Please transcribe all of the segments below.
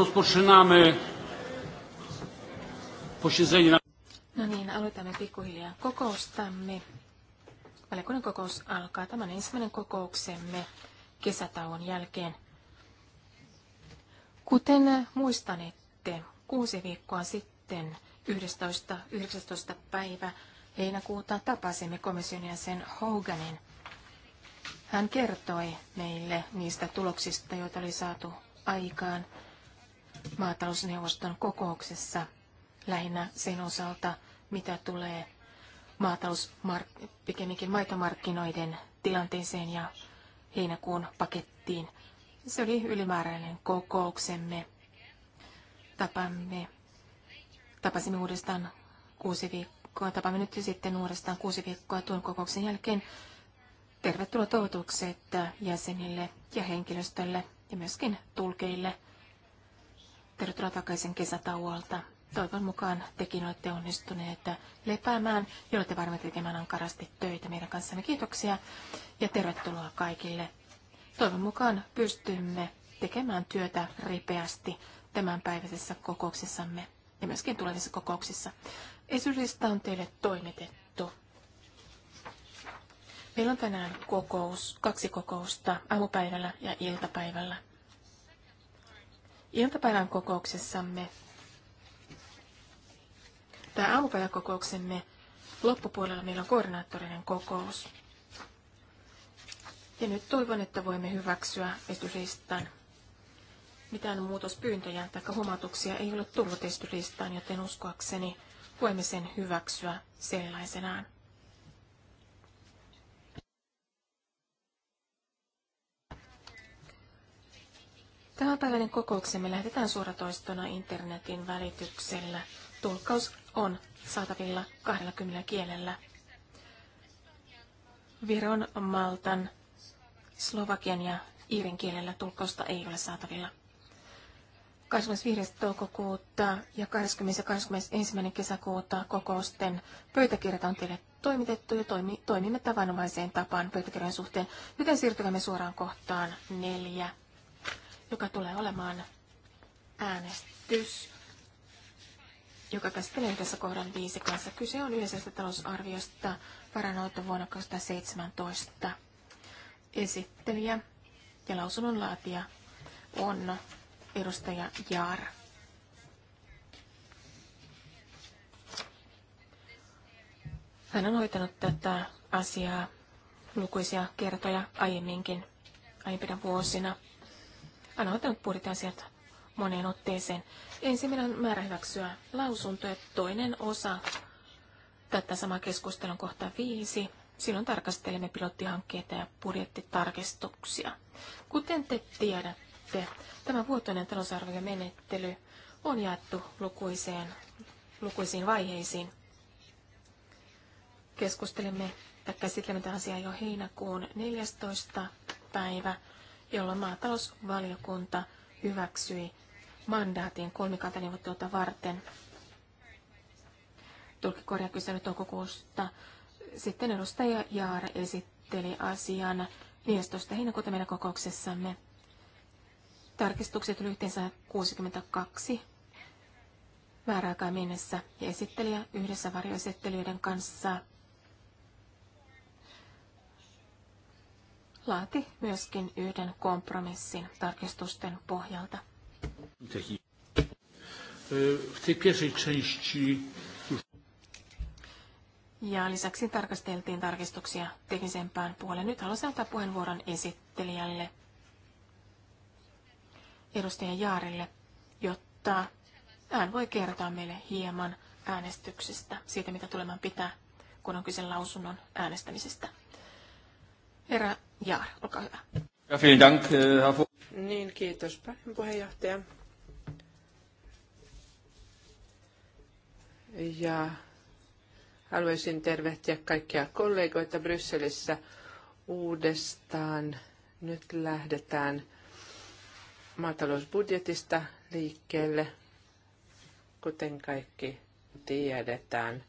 Rozpoczynamy posiedzenie. No niin, aloitamme pikkuhiljaa kokoustamme. Valiokunnan kokous alkaa. Tämä ensimmäinen kokouksemme kesätauon jälkeen. Kuten muistanette, kuusi viikkoa sitten 11.19. päivä heinäkuuta tapasimme komission jäsen Hoganin. Hän kertoi meille niistä tuloksista, joita oli saatu aikaan maatalousneuvoston kokouksessa lähinnä sen osalta, mitä tulee maatalousmark- pikemminkin maitomarkkinoiden tilanteeseen ja heinäkuun pakettiin. Se oli ylimääräinen kokouksemme. Tapamme, tapasimme uudestaan kuusi viikkoa, tapamme nyt sitten uudestaan kuusi viikkoa tuon kokouksen jälkeen. Tervetuloa toivotukset jäsenille ja henkilöstölle ja myöskin tulkeille – Tervetuloa takaisin kesätauolta. Toivon mukaan tekin olette onnistuneet lepäämään ja olette varmasti tekemään ankarasti töitä meidän kanssamme. Kiitoksia ja tervetuloa kaikille. Toivon mukaan pystymme tekemään työtä ripeästi tämänpäiväisessä kokouksessamme ja myöskin tulevissa kokouksissa. Esylista on teille toimitettu. Meillä on tänään kokous, kaksi kokousta, aamupäivällä ja iltapäivällä. Iltapäivän kokouksessamme tai aamupäivän kokouksemme loppupuolella meillä on koordinaattorinen kokous. Ja nyt toivon, että voimme hyväksyä esityslistan. Mitään muutospyyntöjä tai huomautuksia ei ole tullut esityslistaan, joten uskoakseni voimme sen hyväksyä sellaisenaan. Tämän päivän kokouksemme lähetetään suoratoistona internetin välityksellä. Tulkkaus on saatavilla 20 kielellä. Viron, Maltan, Slovakian ja Iirin kielellä tulkkausta ei ole saatavilla. 25. toukokuuta ja 20. ja 21. kesäkuuta kokousten pöytäkirjat on teille toimitettu ja toimi, toimimme tavanomaiseen tapaan pöytäkirjan suhteen, joten siirtymme suoraan kohtaan neljä joka tulee olemaan äänestys, joka käsittelee tässä kohdan viisi kanssa. Kyse on yleisestä talousarviosta varanoutta vuonna 2017. Esittelijä ja lausunnonlaatija on edustaja Jaara. Hän on hoitanut tätä asiaa lukuisia kertoja aiemminkin, aiempina vuosina. Hän on ottanut budjettiasiat moneen otteeseen. Ensimmäinen on määrä hyväksyä lausunto ja toinen osa tätä samaa keskustelun kohta viisi. Silloin tarkastelemme pilottihankkeita ja budjettitarkistuksia. Kuten te tiedätte, tämä vuotoinen talousarviomenettely on jaettu lukuiseen, lukuisiin vaiheisiin. Keskustelemme tai käsittelemme tätä asiaa jo heinäkuun 14. päivä jolloin maatalousvaliokunta hyväksyi mandaatin kolmikantaneuvotteluita varten. Tulkikorja kysely toukokuusta. Sitten edustaja Jaara esitteli asian 15. heinäkuuta meidän kokouksessamme. Tarkistukset oli yhteensä 62 määräaikaa mennessä ja esittelijä yhdessä varjoesittelijöiden kanssa laati myöskin yhden kompromissin tarkistusten pohjalta. Ja lisäksi tarkasteltiin tarkistuksia teknisempään puoleen. Nyt haluaisin antaa puheenvuoron esittelijälle, edustaja Jaarille, jotta hän voi kertoa meille hieman äänestyksestä, siitä mitä tuleman pitää, kun on kyse lausunnon äänestämisestä. Herra Jaar, olkaa hyvä. Ja vielen dank, eh, Niin, kiitos puheenjohtaja. Ja haluaisin tervehtiä kaikkia kollegoita Brysselissä uudestaan. Nyt lähdetään maatalousbudjetista liikkeelle, kuten kaikki tiedetään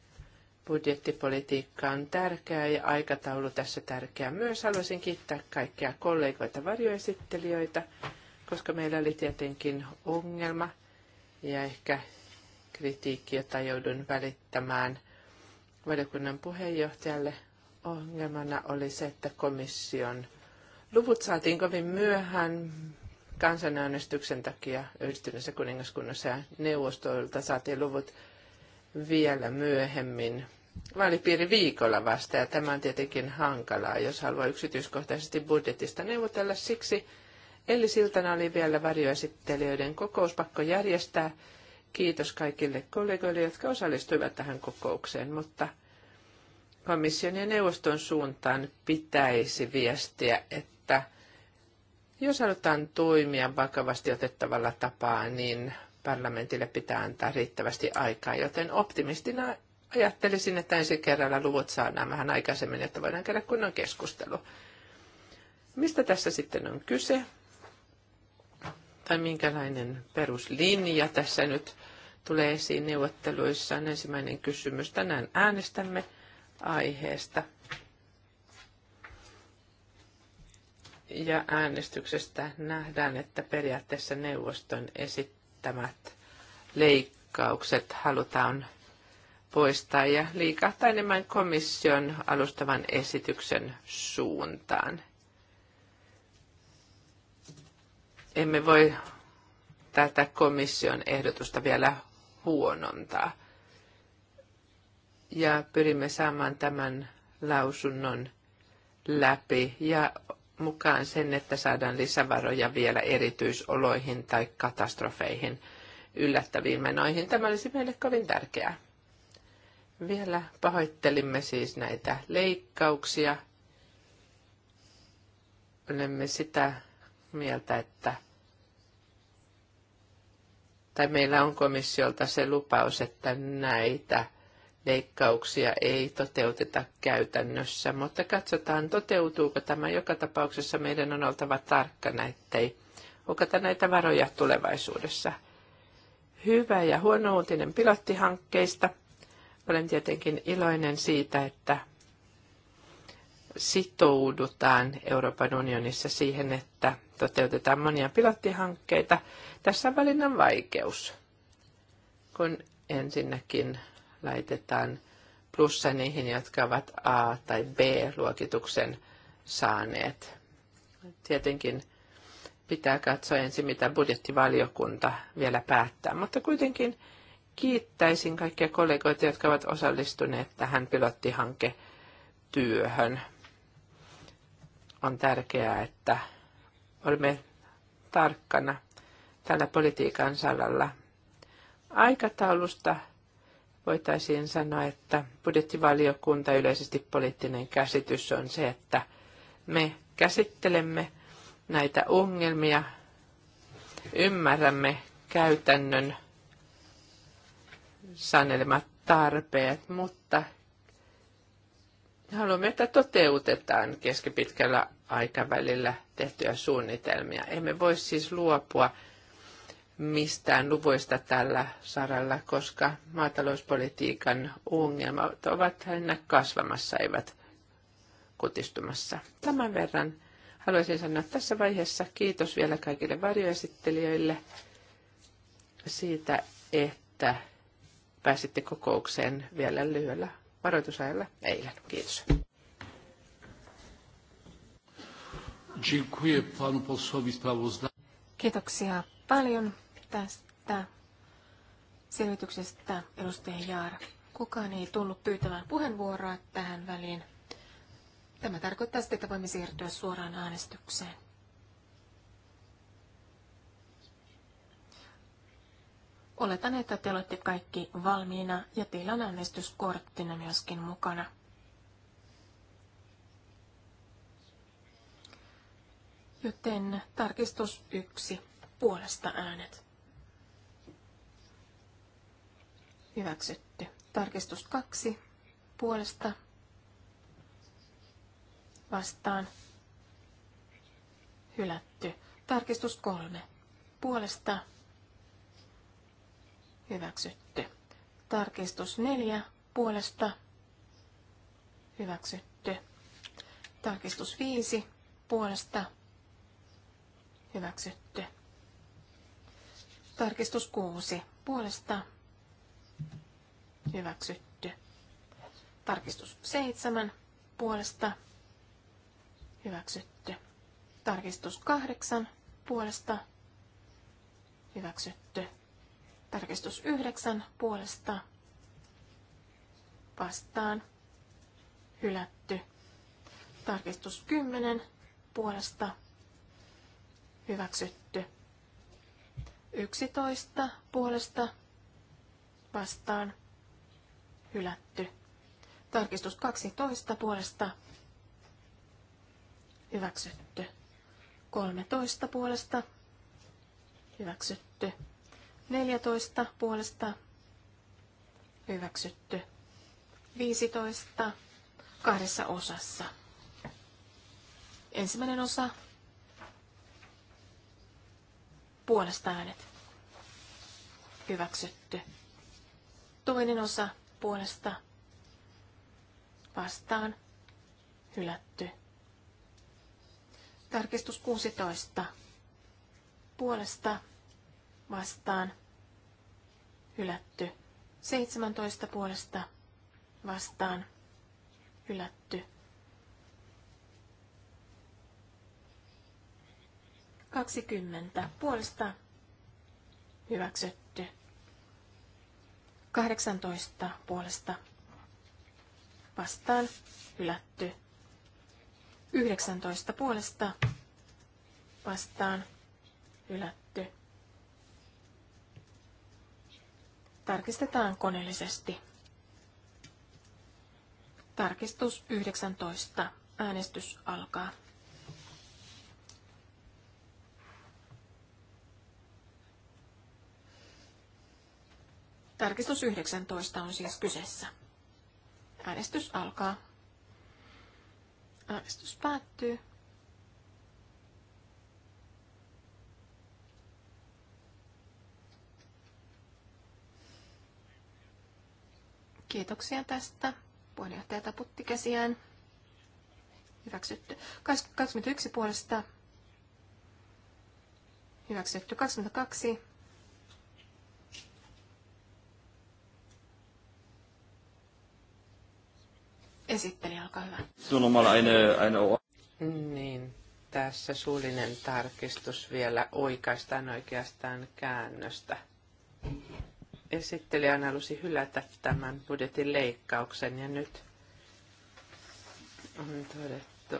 budjettipolitiikka on tärkeä ja aikataulu tässä tärkeä myös. Haluaisin kiittää kaikkia kollegoita varjoesittelijöitä, koska meillä oli tietenkin ongelma ja ehkä kritiikki, jota joudun välittämään valiokunnan puheenjohtajalle. Ongelmana oli se, että komission luvut saatiin kovin myöhään kansanäänestyksen takia yhdistyneessä kuningaskunnassa ja neuvostoilta saatiin luvut vielä myöhemmin vaalipiiri viikolla vasta, ja tämä on tietenkin hankalaa, jos haluaa yksityiskohtaisesti budjetista neuvotella siksi. Eli siltana oli vielä varjoesittelijöiden kokouspakko järjestää. Kiitos kaikille kollegoille, jotka osallistuivat tähän kokoukseen, mutta komission ja neuvoston suuntaan pitäisi viestiä, että jos halutaan toimia vakavasti otettavalla tapaa, niin parlamentille pitää antaa riittävästi aikaa, joten optimistina ajattelisin, että ensi kerralla luvut saadaan vähän aikaisemmin, että voidaan käydä kunnon keskustelu. Mistä tässä sitten on kyse? Tai minkälainen peruslinja tässä nyt tulee esiin neuvotteluissa on ensimmäinen kysymys. Tänään äänestämme aiheesta. Ja äänestyksestä nähdään, että periaatteessa neuvoston esittää välttämättömät leikkaukset halutaan poistaa ja liikahtaa enemmän komission alustavan esityksen suuntaan. Emme voi tätä komission ehdotusta vielä huonontaa. Ja pyrimme saamaan tämän lausunnon läpi ja mukaan sen, että saadaan lisävaroja vielä erityisoloihin tai katastrofeihin yllättäviin menoihin. Tämä olisi meille kovin tärkeää. Vielä pahoittelimme siis näitä leikkauksia. Olemme sitä mieltä, että tai meillä on komissiolta se lupaus, että näitä leikkauksia ei toteuteta käytännössä, mutta katsotaan toteutuuko tämä joka tapauksessa. Meidän on oltava tarkkana, ettei hukata näitä varoja tulevaisuudessa. Hyvä ja huono uutinen pilottihankkeista. Olen tietenkin iloinen siitä, että sitoudutaan Euroopan unionissa siihen, että toteutetaan monia pilottihankkeita. Tässä on valinnan vaikeus, kun ensinnäkin laitetaan plussa niihin, jotka ovat A- tai B-luokituksen saaneet. Tietenkin pitää katsoa ensin, mitä budjettivaliokunta vielä päättää, mutta kuitenkin kiittäisin kaikkia kollegoita, jotka ovat osallistuneet tähän pilottihanketyöhön. On tärkeää, että olemme tarkkana tällä politiikan salalla. Aikataulusta voitaisiin sanoa, että budjettivaliokunta yleisesti poliittinen käsitys on se, että me käsittelemme näitä ongelmia, ymmärrämme käytännön sanelemat tarpeet, mutta haluamme, että toteutetaan keskipitkällä aikavälillä tehtyjä suunnitelmia. Emme voi siis luopua mistään luvuista tällä saralla, koska maatalouspolitiikan ongelmat ovat aina kasvamassa, eivät kutistumassa. Tämän verran haluaisin sanoa tässä vaiheessa kiitos vielä kaikille varjoesittelijöille siitä, että pääsitte kokoukseen vielä lyhyellä varoitusajalla eilen. Kiitos. Kiitoksia paljon tästä selvityksestä, edustaja Jaara. Kukaan ei tullut pyytämään puheenvuoroa tähän väliin. Tämä tarkoittaa sitä, että voimme siirtyä suoraan äänestykseen. Oletan, että te olette kaikki valmiina ja teillä on äänestyskorttina myöskin mukana. Joten tarkistus yksi puolesta äänet. Hyväksytty. Tarkistus kaksi puolesta vastaan hylätty. Tarkistus kolme puolesta hyväksytty. Tarkistus neljä puolesta hyväksytty. Tarkistus viisi puolesta hyväksytty. Tarkistus kuusi puolesta hyväksytty Hyväksytty. Tarkistus 7 puolesta. Hyväksytty. Tarkistus 8 puolesta. Hyväksytty. Tarkistus 9 puolesta. Vastaan. Hylätty. Tarkistus 10 puolesta. Hyväksytty. 11 puolesta vastaan hylätty. Tarkistus 12 puolesta hyväksytty. 13 puolesta hyväksytty. 14 puolesta hyväksytty. 15 kahdessa osassa. Ensimmäinen osa puolesta äänet hyväksytty. Toinen osa puolesta vastaan hylätty. Tarkistus 16 puolesta vastaan hylätty. 17 puolesta vastaan hylätty. 20 puolesta hyväksytty. 18 puolesta vastaan hylätty. 19 puolesta vastaan hylätty. Tarkistetaan koneellisesti. Tarkistus 19. Äänestys alkaa. Tarkistus 19 on siis kyseessä. Äänestys alkaa. Äänestys päättyy. Kiitoksia tästä. Puheenjohtaja taputti käsiään. Hyväksytty. 21 puolesta. Hyväksytty. 22 Esittelijä, olkaa hyvä. Niin, tässä suullinen tarkistus vielä oikeastaan oikeastaan käännöstä. Esittelijä halusi hylätä tämän budjetin leikkauksen ja nyt on todettu,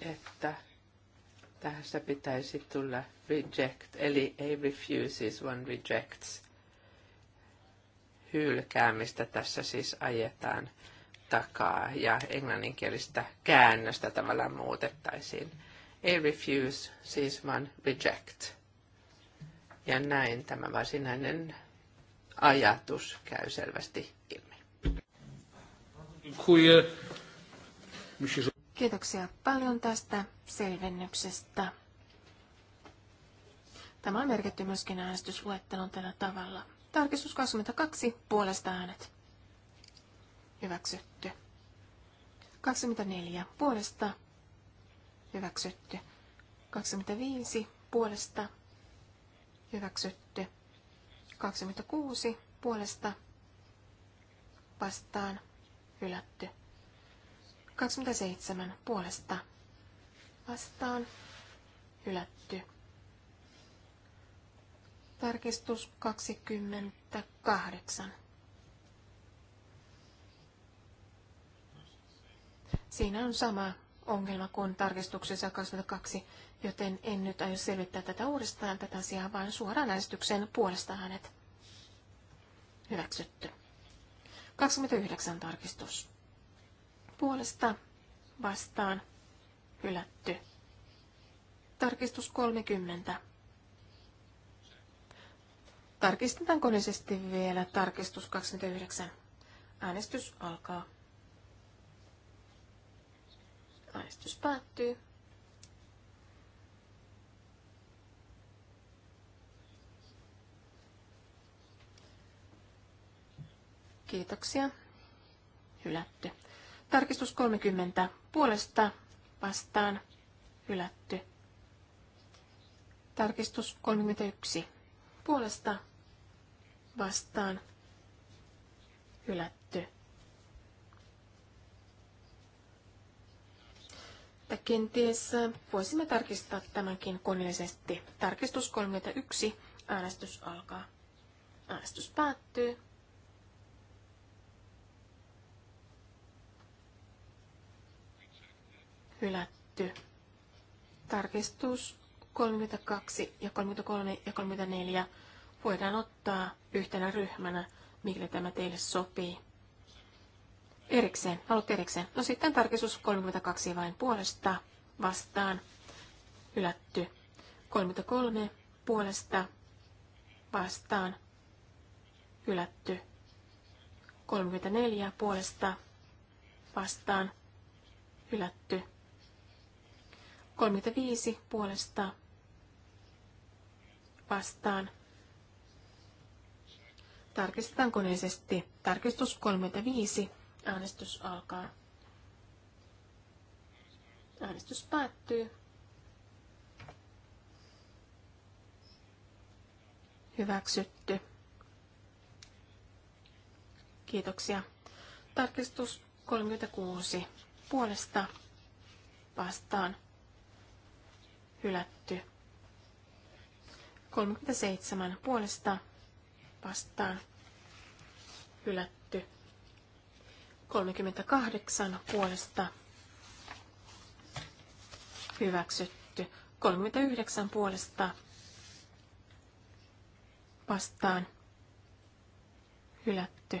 että tässä pitäisi tulla reject, eli ei refuses, siis vaan rejects. Hylkäämistä tässä siis ajetaan takaa ja englanninkielistä käännöstä tavallaan muutettaisiin. Ei refuse, siis vaan reject. Ja näin tämä varsinainen ajatus käy selvästi ilmi. Kiitoksia paljon tästä selvennyksestä. Tämä on merkitty myöskin äänestysluettelon tällä tavalla. Tarkistus 22, puolesta äänet hyväksytty. 24 puolesta hyväksytty. 25 puolesta hyväksytty. 26 puolesta vastaan hylätty. 27 puolesta vastaan hylätty. Tarkistus 28 Siinä on sama ongelma kuin tarkistuksessa 22, joten en nyt aio selvittää tätä uudestaan tätä asiaa, vaan suoraan äänestyksen puolesta hänet. Hyväksytty. 29 tarkistus. Puolesta vastaan hylätty. Tarkistus 30. Tarkistetaan koneisesti vielä tarkistus 29. Äänestys alkaa. Äänestys päättyy. Kiitoksia. Hylätty. Tarkistus 30. Puolesta vastaan. Hylätty. Tarkistus 31. Puolesta vastaan. Hylätty. että kenties voisimme tarkistaa tämänkin koneellisesti. Tarkistus 31. Äänestys alkaa. Äänestys päättyy. Hylätty. Tarkistus 32 ja 33 ja 34 voidaan ottaa yhtenä ryhmänä, mikä tämä teille sopii. Erikseen, haluat erikseen. No sitten tarkistus 32 vain puolesta vastaan hylätty. 33 puolesta vastaan hylätty. 34 puolesta vastaan hylätty. 35 puolesta vastaan. Tarkistetaan koneisesti. Tarkistus 35. Äänestys alkaa. Äänestys päättyy. Hyväksytty. Kiitoksia. Tarkistus 36. Puolesta vastaan hylätty. 37. Puolesta vastaan hylätty. 38 puolesta hyväksytty. 39 puolesta vastaan hylätty.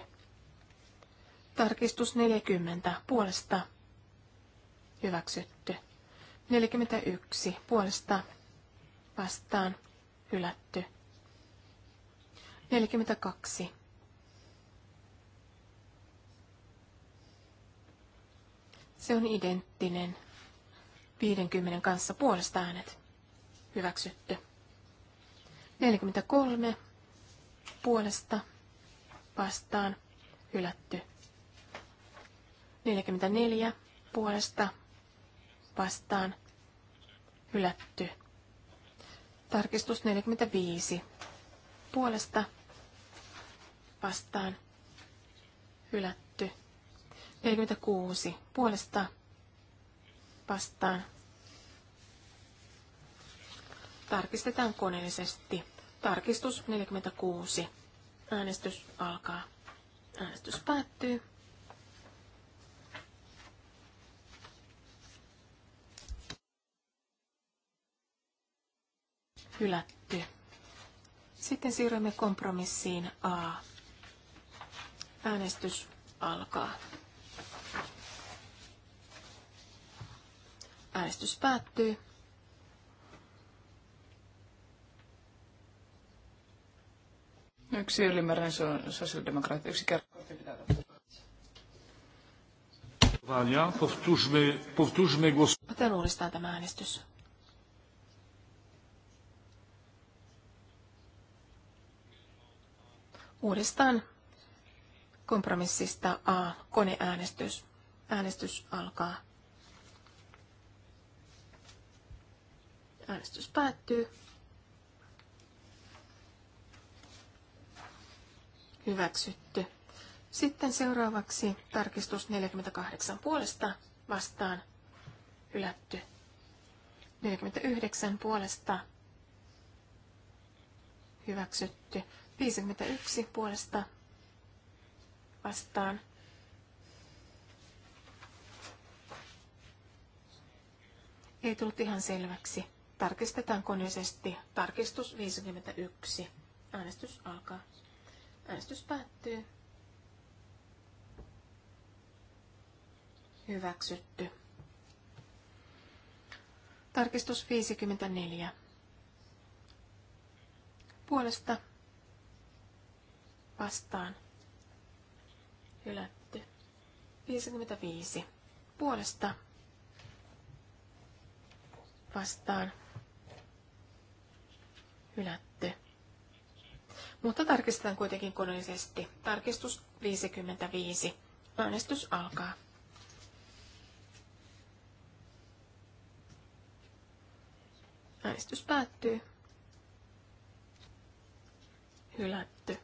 Tarkistus 40 puolesta hyväksytty. 41 puolesta vastaan hylätty. 42 Se on identtinen 50 kanssa puolesta äänet. Hyväksytty. 43 puolesta vastaan hylätty. 44 puolesta vastaan hylätty. Tarkistus 45 puolesta vastaan hylätty. 46 puolesta vastaan. Tarkistetaan koneellisesti. Tarkistus 46. Äänestys alkaa. Äänestys päättyy. Hylätty. Sitten siirrymme kompromissiin A. Äänestys alkaa. Äänestys päättyy. Yksi ylimääräinen sosiaalidemokraatti, yksi kerta. Otetaan uudestaan tämä äänestys. Uudestaan kompromissista A, koneäänestys. Äänestys alkaa. Äänestys päättyy. Hyväksytty. Sitten seuraavaksi tarkistus 48 puolesta vastaan hylätty. 49 puolesta hyväksytty. 51 puolesta vastaan ei tullut ihan selväksi. Tarkistetaan koneisesti. Tarkistus 51. Äänestys alkaa. Äänestys päättyy. Hyväksytty. Tarkistus 54. Puolesta vastaan. Hylätty. 55. Puolesta vastaan hylätty. Mutta tarkistetaan kuitenkin koneellisesti. Tarkistus 55. Äänestys alkaa. Äänestys päättyy. Hylätty.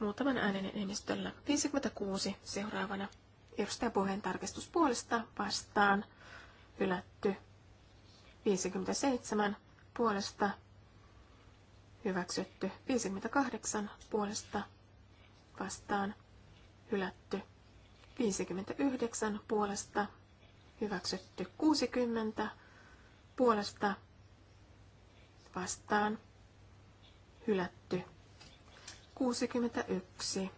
Muutaman äänen enemmistöllä. 56 seuraavana. Edustaja puheen tarkistus puolesta vastaan. Hylätty. 57 puolesta hyväksytty. 58 puolesta vastaan hylätty. 59 puolesta hyväksytty. 60 puolesta vastaan hylätty. 61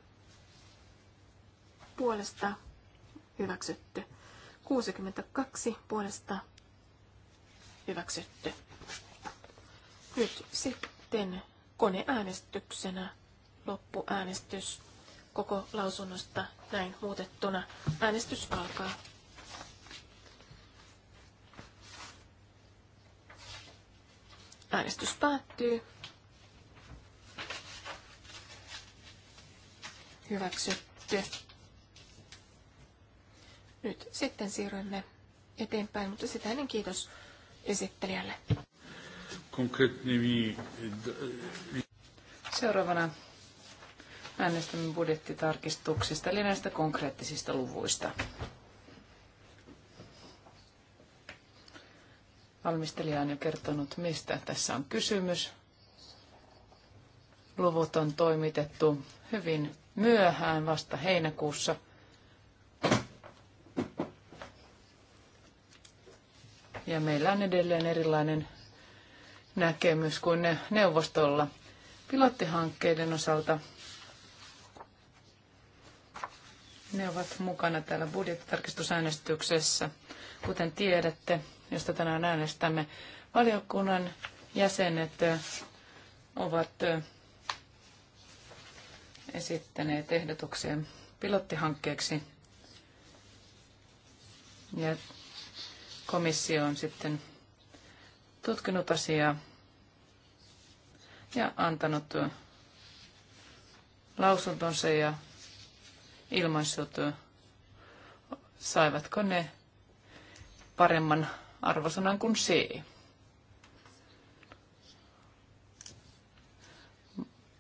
puolesta hyväksytty. 62 puolesta hyväksytty. Nyt sitten koneäänestyksenä loppuäänestys koko lausunnosta näin muutettuna. Äänestys alkaa. Äänestys päättyy. Hyväksytty. Nyt sitten siirrymme eteenpäin, mutta sitä ennen kiitos esittelijälle konkreettnimi... Eh, eh, Seuraavana äänestämme budjettitarkistuksista, eli näistä konkreettisista luvuista. Valmistelija on jo kertonut, mistä tässä on kysymys. Luvut on toimitettu hyvin myöhään, vasta heinäkuussa. Ja meillä on edelleen erilainen näkemys kuin ne neuvostolla pilottihankkeiden osalta. Ne ovat mukana täällä budjettitarkistusäänestyksessä. Kuten tiedätte, josta tänään äänestämme, valiokunnan jäsenet ovat esittäneet ehdotuksia pilottihankkeeksi. Ja komissio on sitten tutkinut asiaa ja antanut lausuntonsa ja ilmaissut, saivatko ne paremman arvosanan kuin C.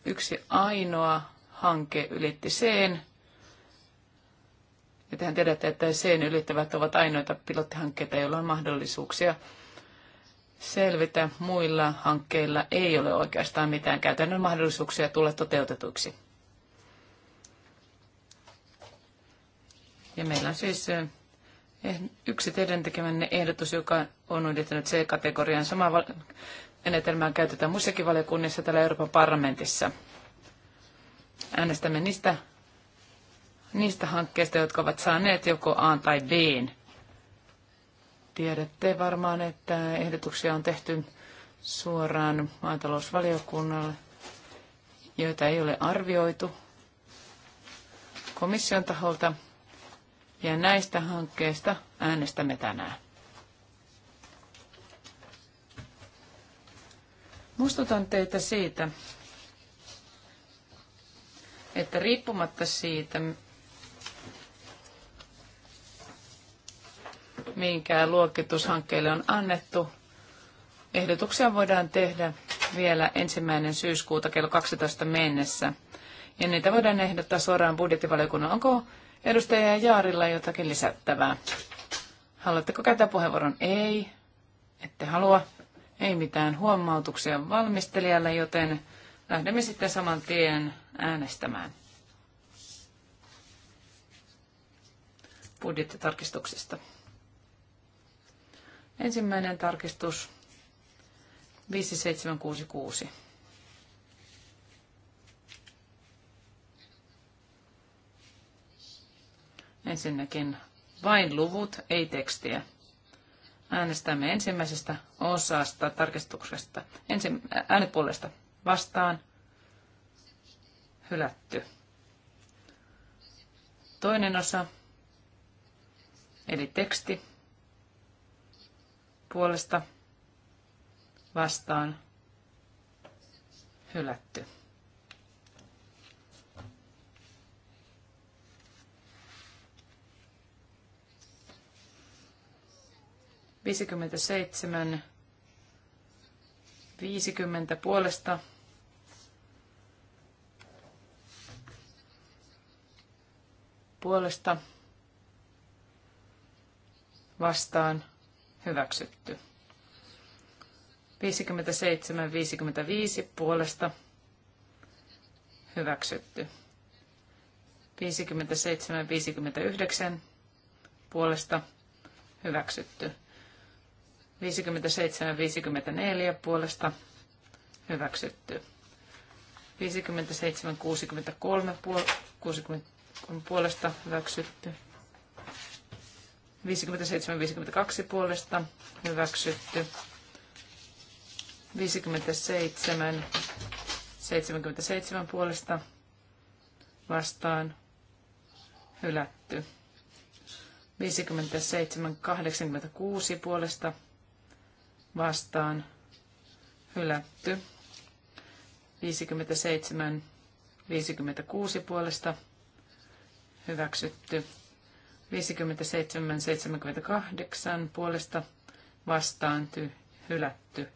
Yksi ainoa hanke ylitti C. Ja tehän tiedätte, että sen ylittävät ovat ainoita pilottihankkeita, joilla on mahdollisuuksia selvitä. Muilla hankkeilla ei ole oikeastaan mitään käytännön mahdollisuuksia tulla toteutetuiksi. Ja meillä on siis eh, eh, yksi teidän tekemänne ehdotus, joka on yrittänyt C-kategorian. Samaa menetelmää käytetään muissakin valiokunnissa täällä Euroopan parlamentissa. Äänestämme niistä, niistä hankkeista, jotka ovat saaneet joko A tai B. -n Tiedätte varmaan, että ehdotuksia on tehty suoraan maatalousvaliokunnalle, joita ei ole arvioitu komission taholta. Ja näistä hankkeista äänestämme tänään. Muistutan teitä siitä, että riippumatta siitä, minkä luokitushankkeelle on annettu. Ehdotuksia voidaan tehdä vielä ensimmäinen syyskuuta kello 12 mennessä. Ja niitä voidaan ehdottaa suoraan budjettivaliokunnan. Onko edustaja Jaarilla jotakin lisättävää? Haluatteko käyttää puheenvuoron? Ei. Ette halua. Ei mitään huomautuksia valmistelijalle, joten lähdemme sitten saman tien äänestämään. budjettitarkistuksista. Ensimmäinen tarkistus 5766. Ensinnäkin vain luvut, ei tekstiä. Äänestämme ensimmäisestä osasta tarkistuksesta. Ensin äänipuolesta vastaan. Hylätty. Toinen osa, eli teksti puolesta vastaan hylätty. seitsemän, viisikymmentä puolesta puolesta vastaan hyväksytty. 57-55 puolesta hyväksytty. 57-59 puolesta hyväksytty. 57-54 puolesta hyväksytty. 57-63 puolesta hyväksytty. 57-52 puolesta hyväksytty. 57 77 puolesta vastaan hylätty. 57 86 puolesta vastaan hylätty. 57 56 puolesta hyväksytty. 57, 78 puolesta vastaan ty, hylätty.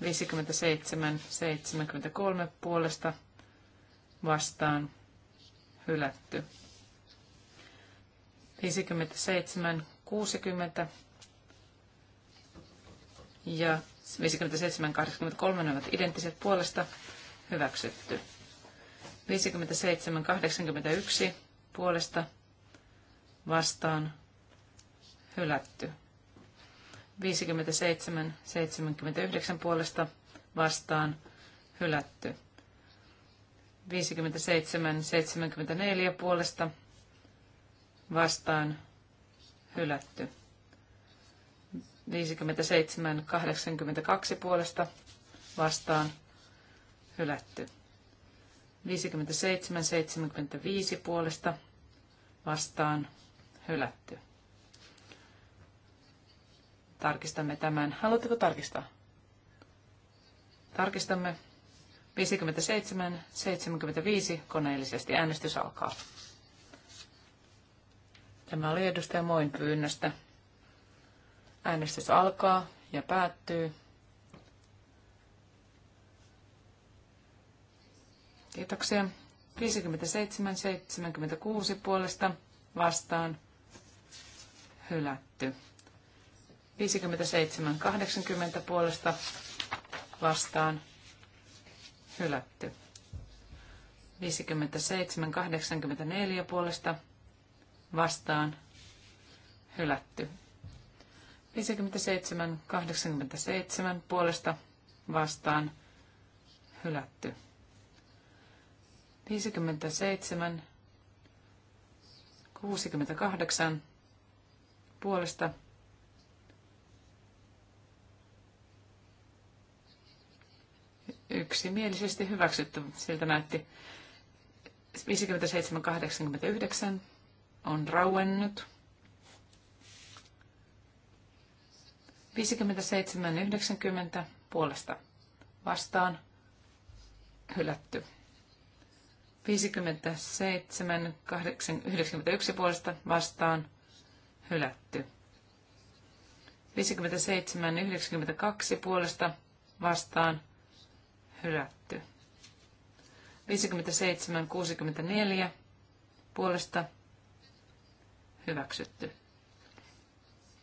57, 73 puolesta vastaan hylätty. 57, 60 ja 57, 83 ovat identtiset puolesta hyväksytty. 57, 81 puolesta hylätty vastaan hylätty. 57, 79 puolesta vastaan hylätty. 57, 74 puolesta vastaan hylätty. 57, 82 puolesta vastaan hylätty. 57, 75 puolesta vastaan hylätty hylätty. Tarkistamme tämän. Haluatteko tarkistaa? Tarkistamme 57, 75 koneellisesti. Äänestys alkaa. Tämä oli edustaja Moin pyynnöstä. Äänestys alkaa ja päättyy. Kiitoksia. 57, 76 puolesta vastaan hylätty. 57, 80 puolesta vastaan hylätty. 57, 84 puolesta vastaan hylätty. 57, 87 puolesta vastaan hylätty. 57, 68 puolesta yksimielisesti hyväksytty. Siltä näytti 5789 on rauennut. 5790 puolesta vastaan hylätty. 5791 puolesta vastaan hylätty. 57 92 puolesta vastaan hylätty. 57 64 puolesta hyväksytty.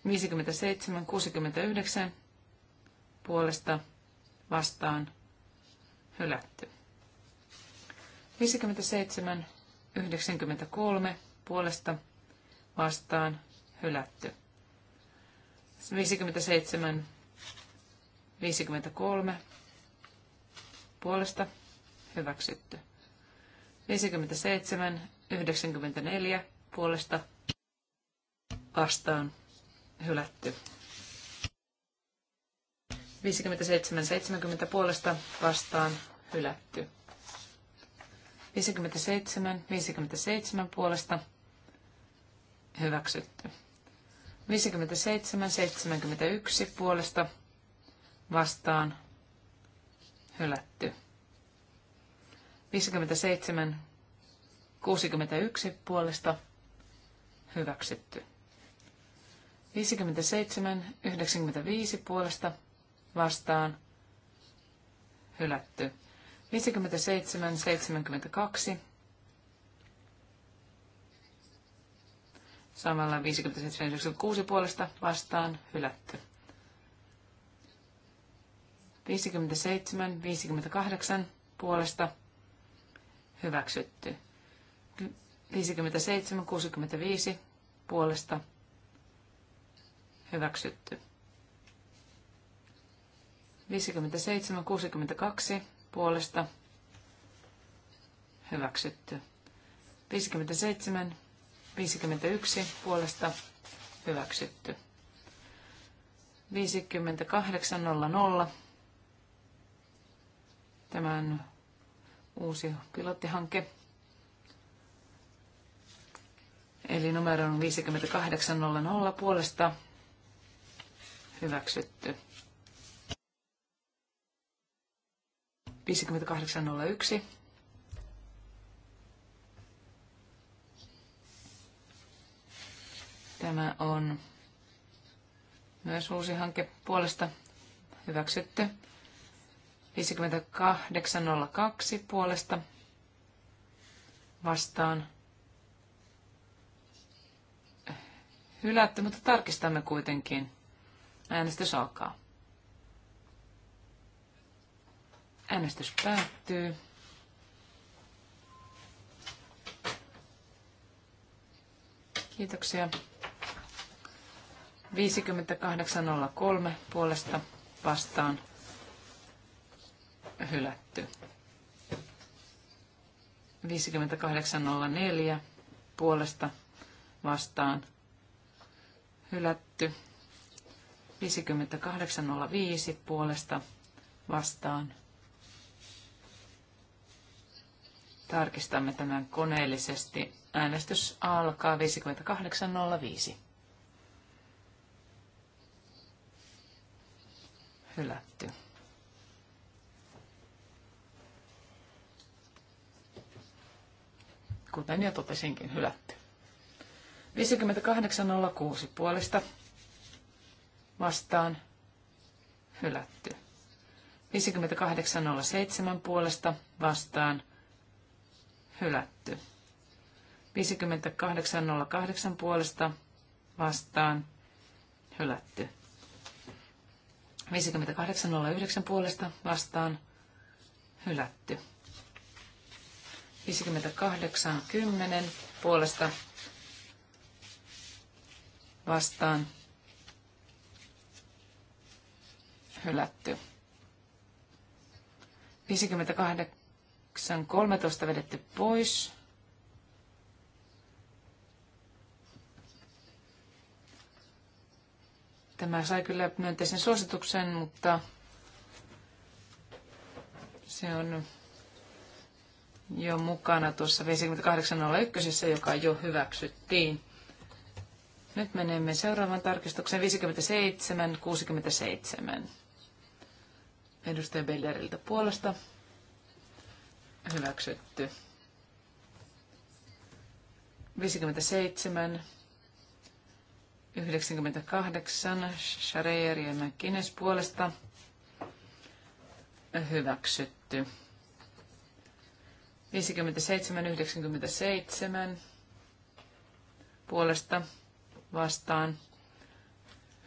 57 69 puolesta vastaan hylätty. 57 93 puolesta vastaan hylätty. 57, 53 puolesta hyväksytty. 57, 94 puolesta vastaan hylätty. 57, 70 puolesta vastaan hylätty. 57, 57 puolesta hyväksytty. 57, 71 puolesta vastaan hylätty. 57, 61 puolesta hyväksytty. 57, 95 puolesta vastaan hylätty. 57, 72 Samalla 57,96 puolesta vastaan hylätty. 57,58 puolesta hyväksytty. 57,65 puolesta hyväksytty. 57,62 puolesta hyväksytty. 57, 51 puolesta hyväksytty. 58.00. Tämän uusi pilottihanke. Eli numero on 58.00 puolesta hyväksytty. 58.01 Tämä on myös uusi hanke puolesta hyväksytty. 5802 puolesta vastaan hylätty, mutta tarkistamme kuitenkin. Äänestys alkaa. Äänestys päättyy. Kiitoksia. 5803 puolesta vastaan hylätty. 5804 puolesta vastaan hylätty. 5805 puolesta vastaan. Tarkistamme tämän koneellisesti. Äänestys alkaa 5805. hylätty. Kuten jo totesinkin, hylätty. 5806 puolesta vastaan hylätty. 5807 puolesta vastaan hylätty. 5808 puolesta vastaan hylätty. 58.09 puolesta vastaan hylätty. 58.10 puolesta vastaan hylätty. 58.13 vedetty pois. Tämä sai kyllä myönteisen suosituksen, mutta se on jo mukana tuossa 58.01, joka jo hyväksyttiin. Nyt menemme seuraavan tarkistukseen 57.67. Edustaja Belleriltä puolesta. Hyväksytty. 57. 98, Shareer ja McInnes puolesta hyväksytty. 57, 97 puolesta vastaan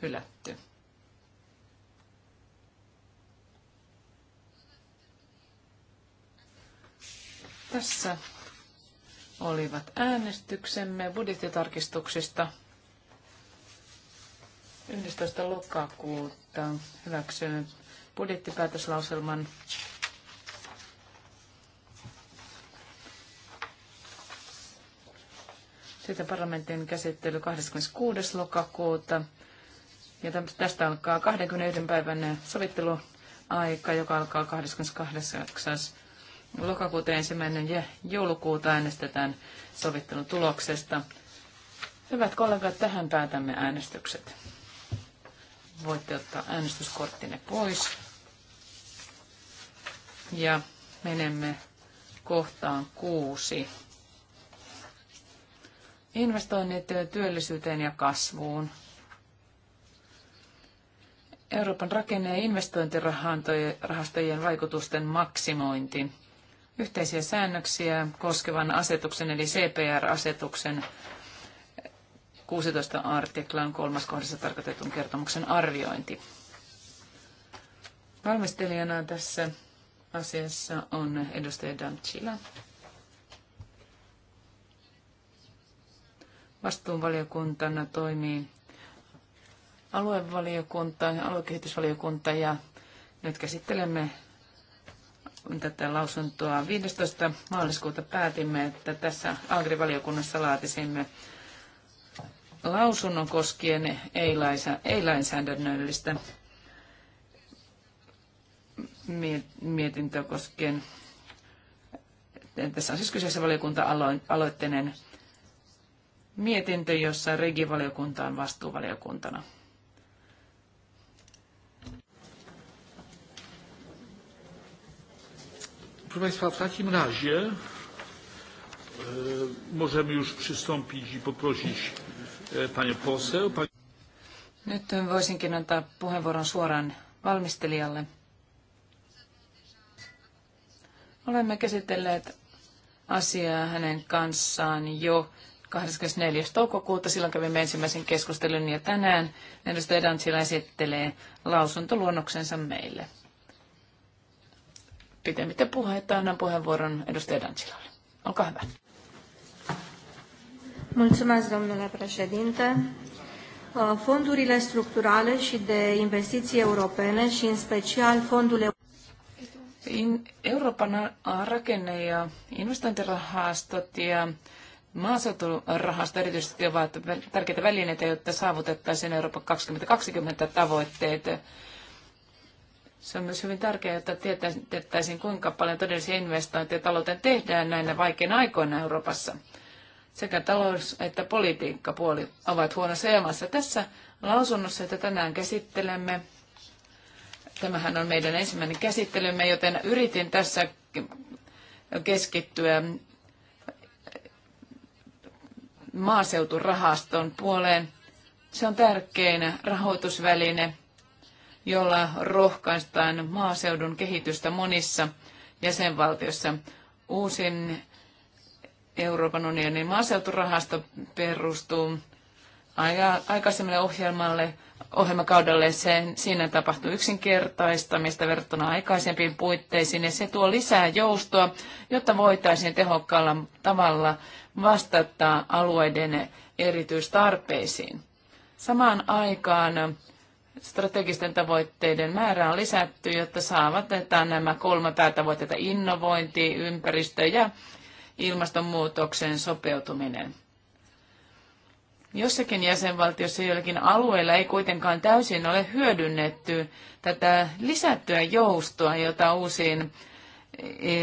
hylätty. Tässä olivat äänestyksemme budjettitarkistuksista. 11. lokakuuta hyväksynyt budjettipäätöslauselman Sitten parlamentin käsittely 26. lokakuuta. Ja tästä alkaa 21 päivän sovitteluaika, joka alkaa 28. lokakuuta ensimmäinen ja joulukuuta äänestetään sovittelun tuloksesta. Hyvät kollegat, tähän päätämme äänestykset voitte ottaa äänestyskorttinne pois. Ja menemme kohtaan kuusi. Investoinnit työllisyyteen ja kasvuun. Euroopan rakenne- ja investointirahastojen vaikutusten maksimointi. Yhteisiä säännöksiä koskevan asetuksen eli CPR-asetuksen 16 artiklan kolmas kohdassa tarkoitetun kertomuksen arviointi. Valmistelijana tässä asiassa on edustaja Danchila. Vastuunvaliokuntana toimii aluevaliokunta, ja aluekehitysvaliokunta ja nyt käsittelemme tätä lausuntoa. 15. maaliskuuta päätimme, että tässä agrivaliokunnassa laatisimme lausunnon koskien ei-lainsäädännöllistä mietintöä koskien. Tässä on siis kyseessä valiokunta-aloitteinen mietintö, jossa regivaliokunta on vastuuvaliokuntana. Proszę Państwa, w takim razie e, możemy już przystąpić i poprosić nyt voisinkin antaa puheenvuoron suoraan valmistelijalle. Olemme käsitelleet asiaa hänen kanssaan jo 24. toukokuuta. Silloin kävimme ensimmäisen keskustelun ja tänään edustaja Dantsila esittelee lausuntoluonnoksensa meille. Pitemmittä puheita annan puheenvuoron edustaja Dantsilalle. Olkaa hyvä. Mulțumesc, domnule președinte. Uh, fondurile structurale și de investiții europene și în special fondurile Euroopan rakenne- ja uh, investointirahastot ja uh, maaseuturahasto erityisesti ovat tärkeitä välineitä, jotta saavutettaisiin Euroopan 2020 tavoitteet. Se on myös hyvin tärkeää, että tietäisiin, kuinka paljon todellisia investointeja talouteen tehdään näinä vaikeina aikoina Euroopassa sekä talous- että politiikkapuoli ovat huonossa jamassa. Tässä lausunnossa, että tänään käsittelemme, tämähän on meidän ensimmäinen käsittelymme, joten yritin tässä keskittyä maaseuturahaston puoleen. Se on tärkein rahoitusväline, jolla rohkaistaan maaseudun kehitystä monissa jäsenvaltiossa. Uusin Euroopan unionin maaseuturahasto perustuu aikaisemmalle ohjelmalle, ohjelmakaudelle sen, siinä tapahtui yksinkertaistamista verrattuna aikaisempiin puitteisiin ja se tuo lisää joustoa, jotta voitaisiin tehokkaalla tavalla vastata alueiden erityistarpeisiin. Samaan aikaan strategisten tavoitteiden määrä on lisätty, jotta saavutetaan nämä kolme päätavoitteita, innovointi, ympäristö ja ilmastonmuutokseen sopeutuminen. Jossakin jäsenvaltiossa joillakin alueilla ei kuitenkaan täysin ole hyödynnetty tätä lisättyä joustoa, jota uusiin e,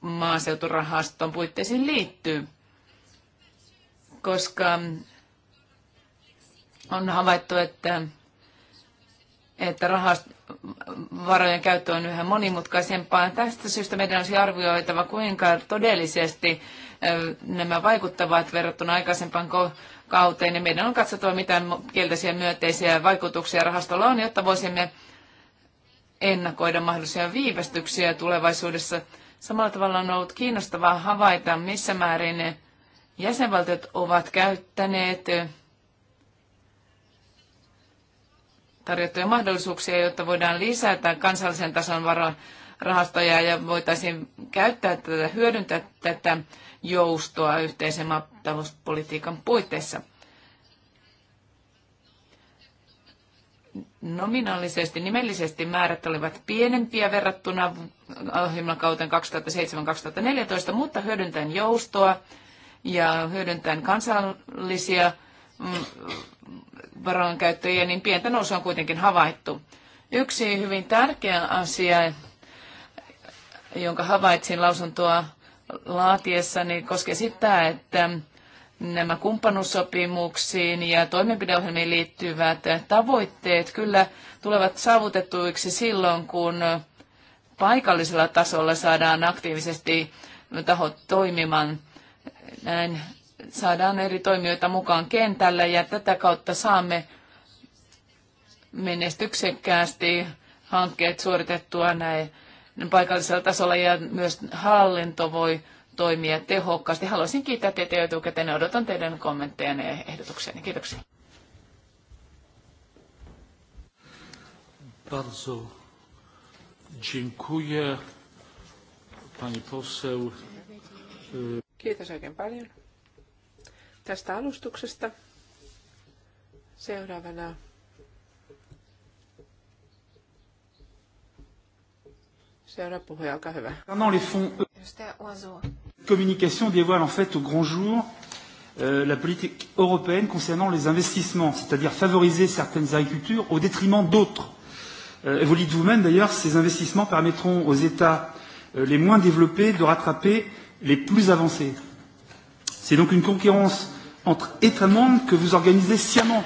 maaseuturahaston puitteisiin liittyy, koska on havaittu, että että rahavarojen käyttö on yhä monimutkaisempaa. Tästä syystä meidän olisi arvioitava, kuinka todellisesti nämä vaikuttavat verrattuna aikaisempaan kauteen. Ja meidän on katsottava, mitä kielteisiä myönteisiä vaikutuksia rahastolla on, jotta voisimme ennakoida mahdollisia viivästyksiä tulevaisuudessa. Samalla tavalla on ollut kiinnostavaa havaita, missä määrin jäsenvaltiot ovat käyttäneet tarjottuja mahdollisuuksia, jotta voidaan lisätä kansallisen tason varan rahastoja ja voitaisiin käyttää tätä, hyödyntää tätä joustoa yhteisen maatalouspolitiikan puitteissa. Nominaalisesti, nimellisesti määrät olivat pienempiä verrattuna ohjelmakauteen 2007-2014, mutta hyödyntäen joustoa ja hyödyntäen kansallisia mm, varankäyttäjiä, niin pientä nousua on kuitenkin havaittu. Yksi hyvin tärkeä asia, jonka havaitsin lausuntoa niin koskee sitä, että nämä kumppanuussopimuksiin ja toimenpideohjelmiin liittyvät tavoitteet kyllä tulevat saavutettuiksi silloin, kun paikallisella tasolla saadaan aktiivisesti tahot toimimaan. Näin saadaan eri toimijoita mukaan kentälle ja tätä kautta saamme menestyksekkäästi hankkeet suoritettua näin paikallisella tasolla ja myös hallinto voi toimia tehokkaasti. Haluaisin kiittää teitä etukäteen ja odotan teidän kommentteja ja ehdotuksia. Kiitoksia. Bardzo dziękuję pani poseł. Kiitos oikein paljon tästä alustuksesta. Seuraavana Seuraava puhuja, olkaa hyvä. Pendant les fonds Communication dévoile en fait au grand jour euh, la politique européenne concernant les investissements, c'est-à-dire favoriser certaines agricultures au détriment d'autres. Euh, vous le dites vous-même d'ailleurs, ces investissements permettront aux États euh, les moins développés de rattraper les plus avancés. C'est donc une concurrence entre États membres que vous organisez sciemment.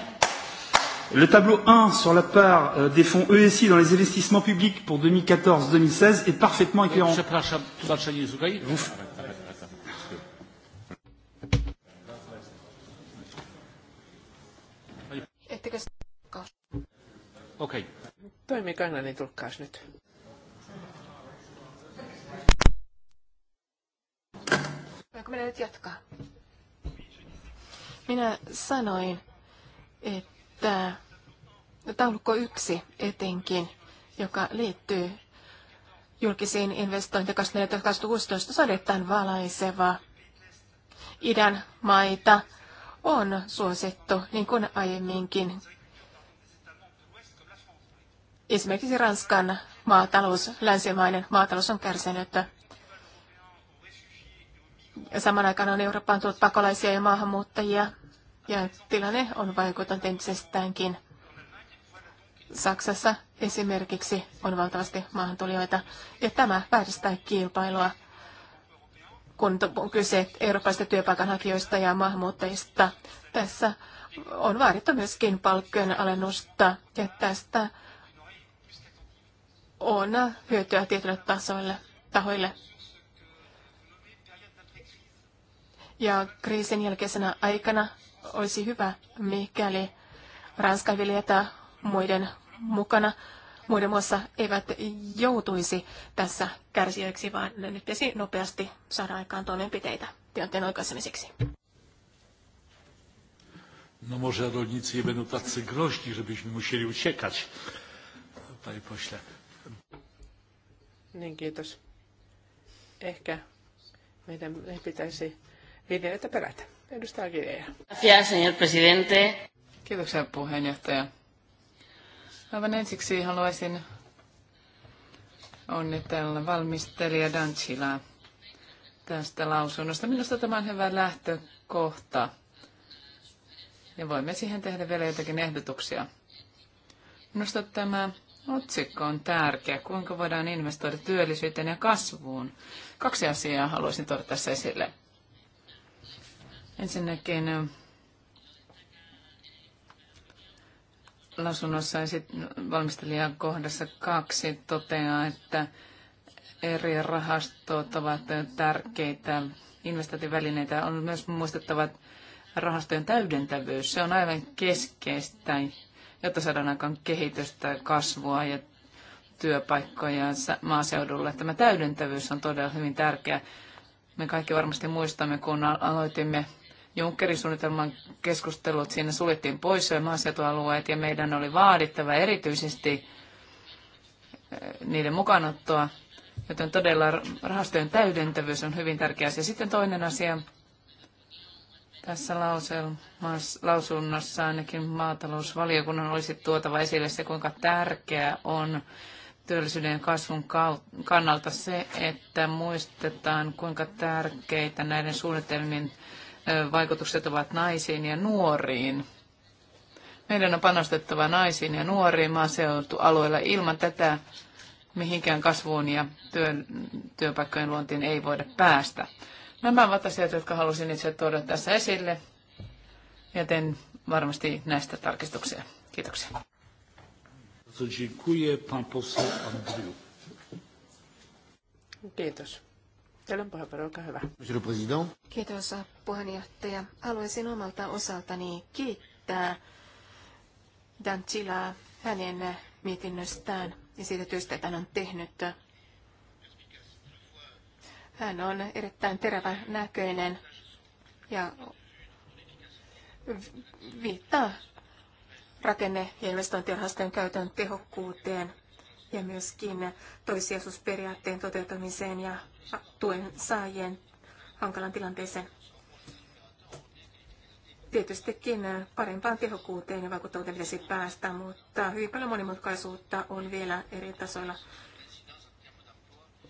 Le tableau 1 sur la part euh, des fonds ESI dans les investissements publics pour 2014-2016 est parfaitement éclairant. Ettekö Okay. Toimiiko englannin niin tulkkaus nyt? Voinko minä nyt jatkaa? Minä sanoin, että taulukko yksi etenkin, joka liittyy julkisiin investointi 2016 se on erittäin valaiseva. Idän maita on suosittu, niin kuin aiemminkin. Esimerkiksi Ranskan maatalous, länsimainen maatalous on kärsinyt ja saman aikaan on Eurooppaan tullut pakolaisia ja maahanmuuttajia ja tilanne on vaikuttanut entisestäänkin. Saksassa esimerkiksi on valtavasti maahantulijoita, ja tämä vääristää kilpailua, kun on kyse eurooppalaisista työpaikanhakijoista ja maahanmuuttajista. Tässä on vaadittu myöskin palkkojen alennusta, ja tästä on hyötyä tietyille tasoille, tahoille. Ja kriisin jälkeisenä aikana olisi hyvä, mikäli Ranskan viljelijät muiden mukana muiden muassa eivät joutuisi tässä kärsijöiksi, vaan ne nyt pitäisi nopeasti saada aikaan toimenpiteitä tilanteen oikaisemiseksi. No może rolnicy nie będą tacy groźni, żebyśmy musieli uciekać, panie pośle. Niin, kiitos. Ehkä meidän pitäisi viljelijöitä pelätä. Edustaja Kiveä. Gracias, señor presidente. Kiitoksia puheenjohtaja. Aivan ensiksi haluaisin onnitella valmistelija Dancilaa tästä lausunnosta. Minusta tämä on hyvä lähtökohta. Ja voimme siihen tehdä vielä jotakin ehdotuksia. Minusta tämä otsikko on tärkeä. Kuinka voidaan investoida työllisyyteen ja kasvuun? Kaksi asiaa haluaisin tuoda tässä esille. Ensinnäkin lausunnossa valmistelijan kohdassa kaksi toteaa, että eri rahastot ovat tärkeitä investointivälineitä. On myös muistettava rahastojen täydentävyys. Se on aivan keskeistä, jotta saadaan aikaan kehitystä, kasvua ja työpaikkoja maaseudulle. Tämä täydentävyys on todella hyvin tärkeä. Me kaikki varmasti muistamme, kun aloitimme Junckerin suunnitelman keskustelut, siinä suljettiin pois ja maaseutualueet ja meidän oli vaadittava erityisesti eh, niiden mukanottoa, joten todella rahastojen täydentävyys on hyvin tärkeä asia. Sitten toinen asia tässä lausunnossa ainakin maatalousvaliokunnan olisi tuotava esille se, kuinka tärkeää on työllisyyden ja kasvun kannalta se, että muistetaan, kuinka tärkeitä näiden suunnitelmien vaikutukset ovat naisiin ja nuoriin. Meidän on panostettava naisiin ja nuoriin maaseutualueilla. Ilman tätä mihinkään kasvuun ja työ, työpaikkojen luontiin ei voida päästä. Nämä ovat asiat, jotka halusin itse tuoda tässä esille. Ja teen varmasti näistä tarkistuksia. Kiitoksia. Kiitos. Teillä puheenvuoro, olkaa hyvä. Kiitos puheenjohtaja. Haluaisin omalta osaltani kiittää Dantilaa hänen mietinnöstään ja siitä työstä, että hän on tehnyt. Hän on erittäin terävä näköinen ja viittaa rakenne- ja investointirahastojen käytön tehokkuuteen ja myöskin toissijaisuusperiaatteen toteutumiseen ja tuen saajien hankalan tilanteeseen. Tietystikin parempaan tehokkuuteen ja vaikuttavuuteen pitäisi päästä, mutta hyvin paljon monimutkaisuutta on vielä eri tasoilla,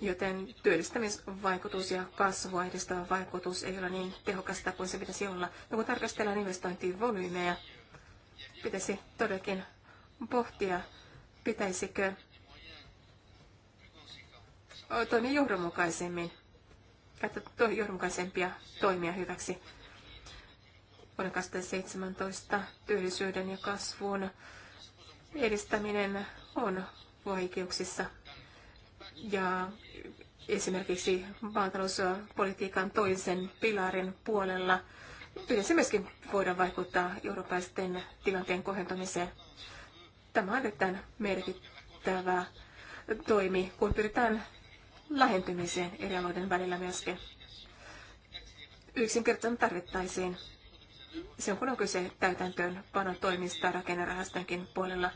joten työllistämisvaikutus ja kasvua edistävä vaikutus ei ole niin tehokasta kuin se pitäisi olla. Ja no, kun tarkastellaan investointivolyymeja, pitäisi todellakin pohtia, pitäisikö toimia johdonmukaisemmin, käyttää to, johdonmukaisempia toimia hyväksi. Vuonna 2017 työllisyyden ja kasvun edistäminen on vaikeuksissa. Ja esimerkiksi maatalouspolitiikan toisen pilarin puolella pitäisi myöskin voida vaikuttaa eurooppalaisten tilanteen kohentumiseen. Tämä on erittäin merkittävä toimi, kun pyritään lähentymiseen eri alueiden välillä myöskin. Yksinkertaisen tarvittaisiin se on kun on kyse täytäntöönpanon toimista rakennerahastankin puolella.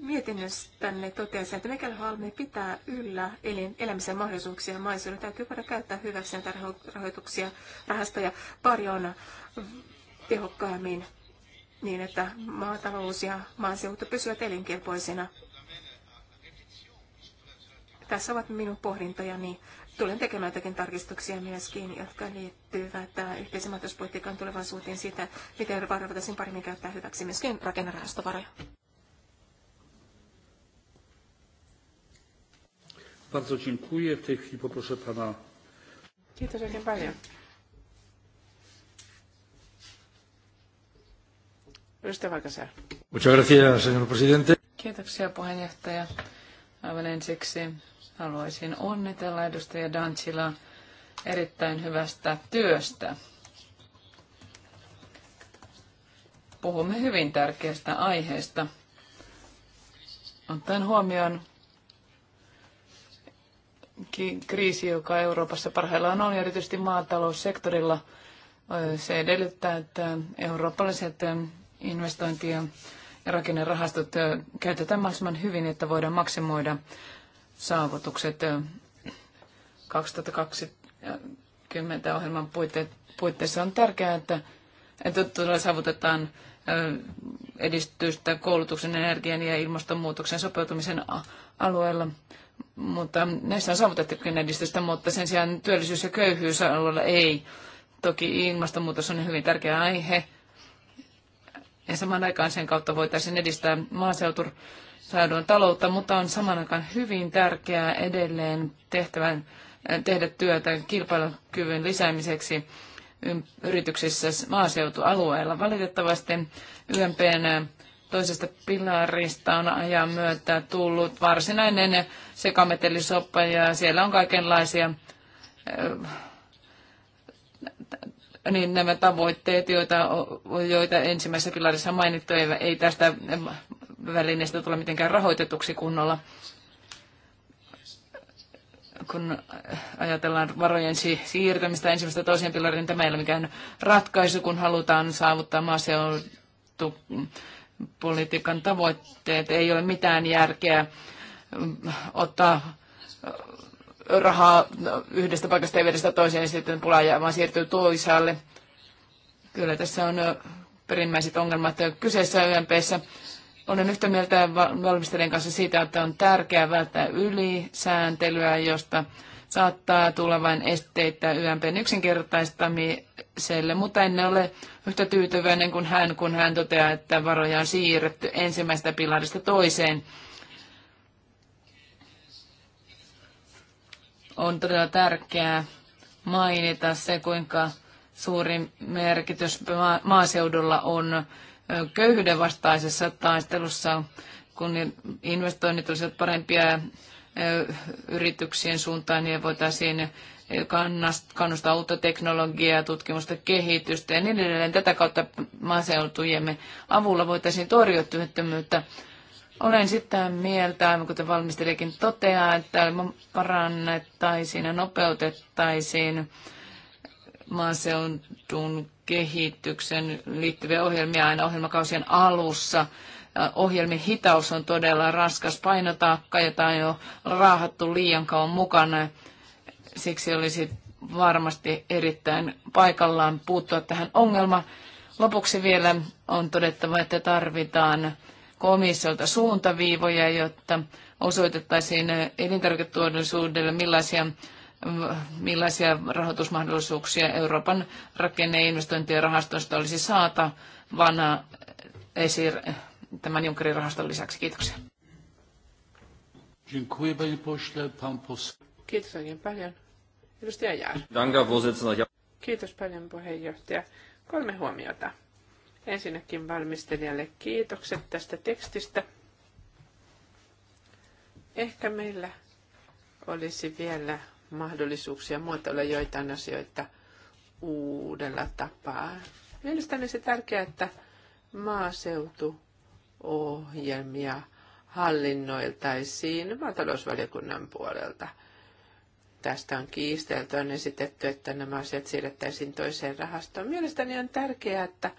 Mietinnöstänne totesi, että mikäli haluamme pitää yllä elin, elämisen mahdollisuuksia maisuudelle, täytyy voida käyttää hyväksi rahoituksia rahastoja paljon tehokkaammin niin, että maatalous ja maaseutu pysyvät elinkelpoisina. Tässä ovat minun pohdintojani. Tulen tekemään jotakin tarkistuksia myöskin, jotka liittyvät äh, yhteisen tulevaisuuteen siitä, miten varoja voitaisiin paremmin käyttää hyväksi myöskin rakennerahastovaroja. Bardzo dziękuję. W tej chwili poproszę pana. Kiitos oikein paljon. Muchas gracias, señor presidente. Kiitoksia puheenjohtaja. Aivan ensiksi Haluaisin onnitella edustaja Dantsila erittäin hyvästä työstä. Puhumme hyvin tärkeästä aiheesta. Ottaen huomioon kriisi, joka Euroopassa parhaillaan on, erityisesti maataloussektorilla, se edellyttää, että eurooppalaiset investointi- ja rakennerahastot käytetään mahdollisimman hyvin, että voidaan maksimoida saavutukset 2020 ohjelman puitteissa on tärkeää, että, että todella saavutetaan edistystä koulutuksen, energian ja ilmastonmuutoksen sopeutumisen alueella. Mutta näissä on saavutettukin edistystä, mutta sen sijaan työllisyys- ja köyhyysalueella ei. Toki ilmastonmuutos on hyvin tärkeä aihe. Ja samaan aikaan sen kautta voitaisiin edistää maaseutur saadun taloutta, mutta on saman aikaan hyvin tärkeää edelleen tehtävän, äh, tehdä työtä kilpailukyvyn lisäämiseksi yrityksissä maaseutualueilla. Valitettavasti YMPn äh, toisesta pilarista on ajan myötä tullut varsinainen sekametellisoppa ja siellä on kaikenlaisia äh, niin nämä tavoitteet, joita, joita ensimmäisessä pilarissa mainittu, ei, ei tästä välineistä tulla mitenkään rahoitetuksi kunnolla. Kun ajatellaan varojen siirtämistä ensimmäistä toiseen pilariin, niin tämä ei ole mikään ratkaisu, kun halutaan saavuttaa maaseutupolitiikan tavoitteet. Ei ole mitään järkeä ottaa rahaa yhdestä paikasta ja vedestä toiseen, sitten jää, vaan siirtyy toisaalle. Kyllä tässä on perimmäiset ongelmat kyseessä YMPssä olen yhtä mieltä valmistelijan kanssa siitä, että on tärkeää välttää ylisääntelyä, josta saattaa tulla vain esteitä YMPn yksinkertaistamiselle, mutta en ole yhtä tyytyväinen kuin hän, kun hän toteaa, että varoja on siirretty ensimmäistä pilarista toiseen. On todella tärkeää mainita se, kuinka suuri merkitys maaseudulla on köyhyyden vastaisessa taistelussa, kun investoinnit olisivat parempia yrityksien suuntaan niin voitaisiin kannustaa uutta teknologiaa, tutkimusta, kehitystä ja niin edelleen. Tätä kautta maaseutujemme avulla voitaisiin torjua työttömyyttä. Olen sitä mieltä, aivan kuten valmistelijakin toteaa, että parannettaisiin ja nopeutettaisiin maaseudun kehityksen liittyviä ohjelmia aina ohjelmakausien alussa. Ohjelmien hitaus on todella raskas painotaakka, jota on jo raahattu liian kauan mukana. Siksi olisi varmasti erittäin paikallaan puuttua tähän ongelmaan. Lopuksi vielä on todettava, että tarvitaan komissiolta suuntaviivoja, jotta osoitettaisiin elintarviketuodollisuudelle, millaisia millaisia rahoitusmahdollisuuksia Euroopan rakenne- ja investointirahastosta olisi saata vana äh, esir tämän Junckerin rahaston lisäksi. Kiitoksia. Kiitos oikein paljon. Edustaja Jaar. Kiitos paljon puheenjohtaja. Kolme huomiota. Ensinnäkin valmistelijalle kiitokset tästä tekstistä. Ehkä meillä olisi vielä mahdollisuuksia muotoilla joitain asioita uudella tapaa. Mielestäni se tärkeää, että maaseutuohjelmia hallinnoiltaisiin maatalousvaliokunnan puolelta. Tästä on kiistelty, on esitetty, että nämä asiat siirrettäisiin toiseen rahastoon. Mielestäni on tärkeää, että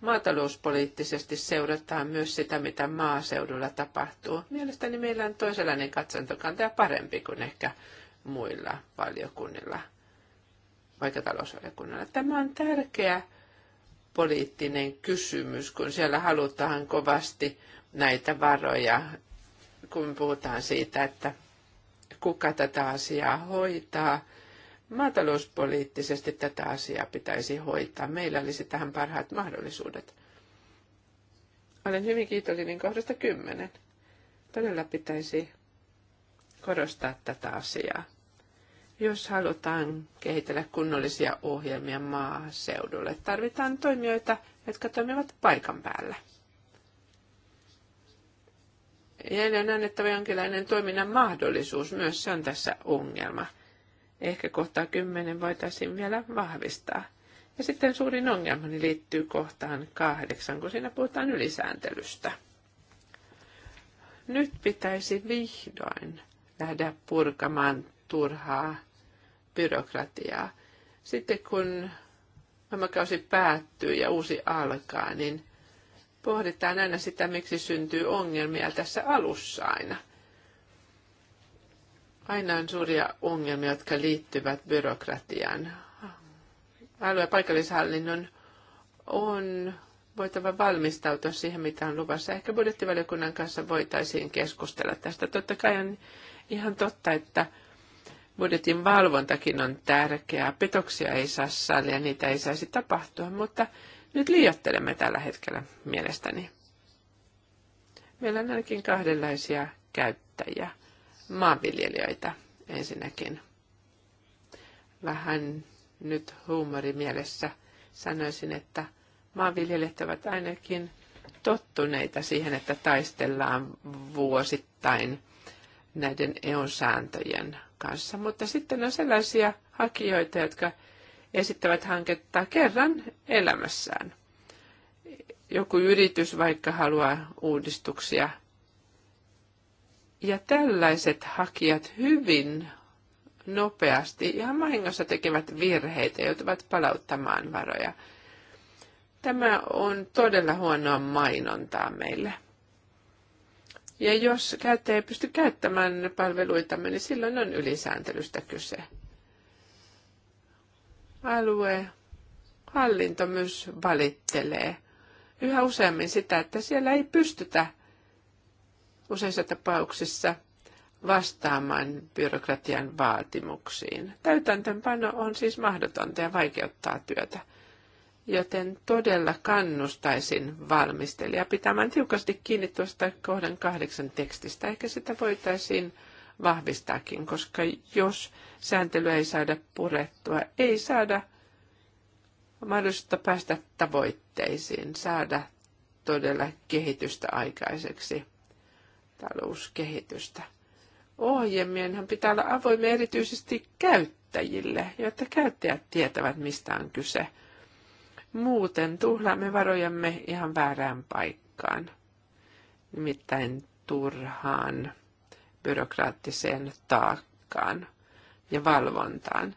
maatalouspoliittisesti seurataan myös sitä, mitä maaseudulla tapahtuu. Mielestäni meillä on toisenlainen katsantokanta ja parempi kuin ehkä muilla valiokunnilla, vaikka talousvaliokunnalla. Tämä on tärkeä poliittinen kysymys, kun siellä halutaan kovasti näitä varoja, kun puhutaan siitä, että kuka tätä asiaa hoitaa. Maatalouspoliittisesti tätä asiaa pitäisi hoitaa. Meillä olisi tähän parhaat mahdollisuudet. Olen hyvin kiitollinen kohdasta kymmenen. Todella pitäisi korostaa tätä asiaa. Jos halutaan kehitellä kunnollisia ohjelmia maaseudulle, tarvitaan toimijoita, jotka toimivat paikan päällä. Jäljellä on annettava jonkinlainen toiminnan mahdollisuus, myös se on tässä ongelma. Ehkä kohtaa kymmenen voitaisiin vielä vahvistaa. Ja sitten suurin ongelmani liittyy kohtaan kahdeksan, kun siinä puhutaan ylisääntelystä. Nyt pitäisi vihdoin lähteä purkamaan turhaa byrokratiaa. Sitten kun ohjelmakausi päättyy ja uusi alkaa, niin pohditaan aina sitä, miksi syntyy ongelmia tässä alussa aina. Aina on suuria ongelmia, jotka liittyvät byrokratiaan. Alue- ja paikallishallinnon on voitava valmistautua siihen, mitä on luvassa. Ehkä budjettivaliokunnan kanssa voitaisiin keskustella tästä. Totta kai on ihan totta, että budjetin valvontakin on tärkeää. Petoksia ei saa sallia, niitä ei saisi tapahtua, mutta nyt liiottelemme tällä hetkellä mielestäni. Meillä on ainakin kahdenlaisia käyttäjiä. Maanviljelijöitä ensinnäkin. Vähän nyt huumori mielessä sanoisin, että maanviljelijät ovat ainakin tottuneita siihen, että taistellaan vuosittain näiden EU-sääntöjen kanssa, mutta sitten on sellaisia hakijoita, jotka esittävät hanketta kerran elämässään. Joku yritys vaikka haluaa uudistuksia. Ja tällaiset hakijat hyvin nopeasti ja vahingossa tekevät virheitä, joutuvat palauttamaan varoja. Tämä on todella huonoa mainontaa meille. Ja jos käyttäjä ei pysty käyttämään palveluita, niin silloin on ylisääntelystä kyse. Alue, hallinto myös valittelee yhä useammin sitä, että siellä ei pystytä useissa tapauksissa vastaamaan byrokratian vaatimuksiin. Täytäntöönpano on siis mahdotonta ja vaikeuttaa työtä joten todella kannustaisin valmistelijaa pitämään tiukasti kiinni tuosta kohdan kahdeksan tekstistä. Ehkä sitä voitaisiin vahvistaakin, koska jos sääntelyä ei saada purettua, ei saada mahdollisuutta päästä tavoitteisiin, saada todella kehitystä aikaiseksi, talouskehitystä. Ohjelmienhan pitää olla avoimia erityisesti käyttäjille, jotta käyttäjät tietävät, mistä on kyse – Muuten tuhlaamme varojamme ihan väärään paikkaan, nimittäin turhaan byrokraattiseen taakkaan ja valvontaan.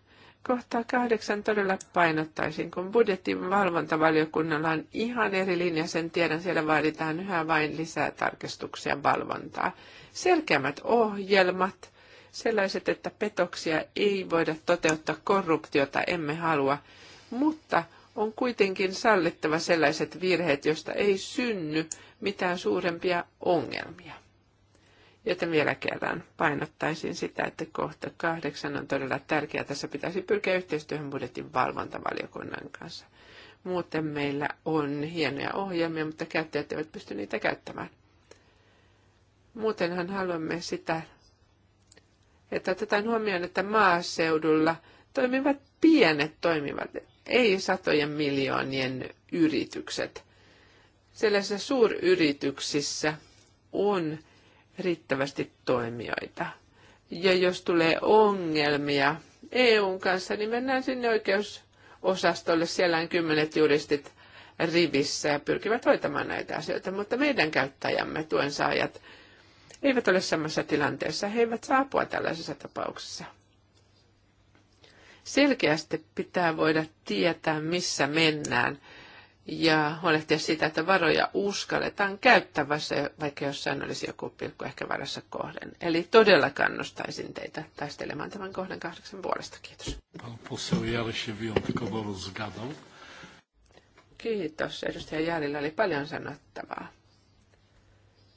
Kohtaa kahdeksan todella painottaisin, kun budjetin valvontavaliokunnalla on ihan eri linja, sen tiedän, siellä vaaditaan yhä vain lisää tarkistuksia valvontaa. Selkeämmät ohjelmat, sellaiset, että petoksia ei voida toteuttaa, korruptiota emme halua, mutta – on kuitenkin sallittava sellaiset virheet, joista ei synny mitään suurempia ongelmia. Joten vielä kerran painottaisin sitä, että kohta kahdeksan on todella tärkeää. Tässä pitäisi pyrkiä yhteistyöhön budjetin valvontavaliokunnan kanssa. Muuten meillä on hienoja ohjelmia, mutta käyttäjät eivät pysty niitä käyttämään. Muutenhan haluamme sitä, että otetaan huomioon, että maaseudulla toimivat pienet toimivat ei satojen miljoonien yritykset. Sellaisissa suuryrityksissä on riittävästi toimijoita. Ja jos tulee ongelmia EUn kanssa, niin mennään sinne oikeusosastolle. Siellä on kymmenet juristit rivissä ja pyrkivät hoitamaan näitä asioita, mutta meidän käyttäjämme, tuen saajat, eivät ole samassa tilanteessa. He eivät apua tällaisessa tapauksessa. Selkeästi pitää voida tietää, missä mennään ja huolehtia siitä, että varoja uskalletaan käyttää, vaikka jossain olisi joku pilkku ehkä väärässä kohden. Eli todella kannustaisin teitä taistelemaan tämän kohden kahdeksan puolesta. Kiitos. Kiitos. Edustaja Järillä oli paljon sanottavaa.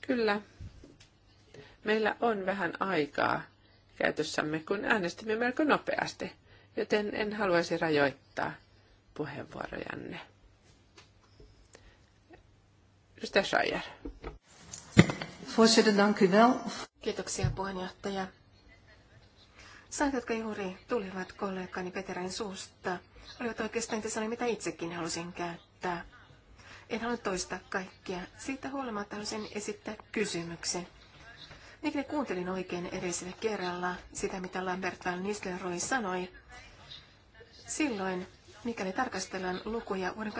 Kyllä. Meillä on vähän aikaa käytössämme, kun äänestimme melko nopeasti joten en haluaisi rajoittaa puheenvuorojanne. Edustaja Schreier. Voorzitter, dank u wel. Kiitoksia puheenjohtaja. Saat, jotka juuri tulivat kollegani Peterin suusta, olivat oikeastaan tässä mitä itsekin halusin käyttää. En halua toistaa kaikkia. Siitä huolimatta halusin esittää kysymyksen. Mikäli kuuntelin oikein edelliselle kerralla sitä, mitä Lambert van Nistelrooy sanoi, silloin, mikäli tarkastellaan lukuja vuoden 2018-2020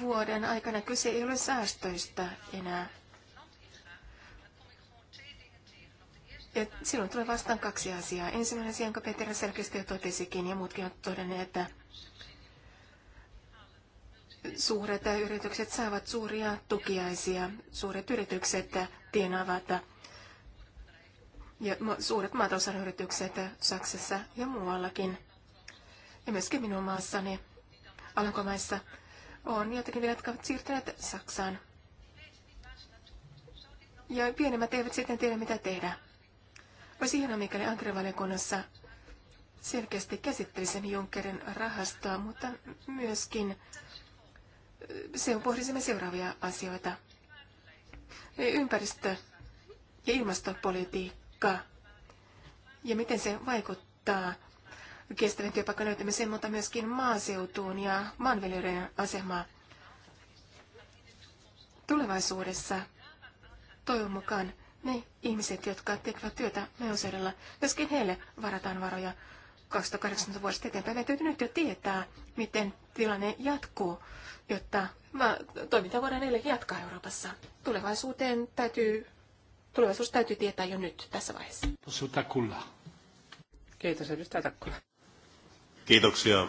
vuoden aikana, kyse ei ole säästöistä enää. Ja silloin tulee vastaan kaksi asiaa. Ensimmäinen asia, jonka Peter selkeästi jo totesikin ja muutkin ovat todenneet, että suuret yritykset saavat suuria tukiaisia. Suuret yritykset tienaavat ja suuret maatalousyritykset Saksassa ja muuallakin. Ja myöskin minun maassani Alankomaissa on jotakin vielä, jotka ovat siirtyneet Saksaan. Ja pienemmät eivät sitten tiedä, mitä tehdä. Olisi hienoa, mikäli Ankerivaliokunnassa selkeästi käsittelisin Junckerin rahastoa, mutta myöskin se pohdisimme seuraavia asioita. Ympäristö- ja ilmastopolitiikka ja miten se vaikuttaa kestävän työpaikan löytämiseen, mutta myöskin maaseutuun ja maanviljelijöiden asemaan. Tulevaisuudessa toivon mukaan ne ihmiset, jotka tekevät työtä meuseudulla, myöskin heille varataan varoja 2018 vuodesta eteenpäin. täytyy nyt jo tietää, miten tilanne jatkuu, jotta toiminta voidaan edelleen jatkaa Euroopassa. Tulevaisuuteen täytyy, tulevaisuus täytyy tietää jo nyt tässä vaiheessa. Takulla. Kiitos, edustaja Takkula. Kiitoksia,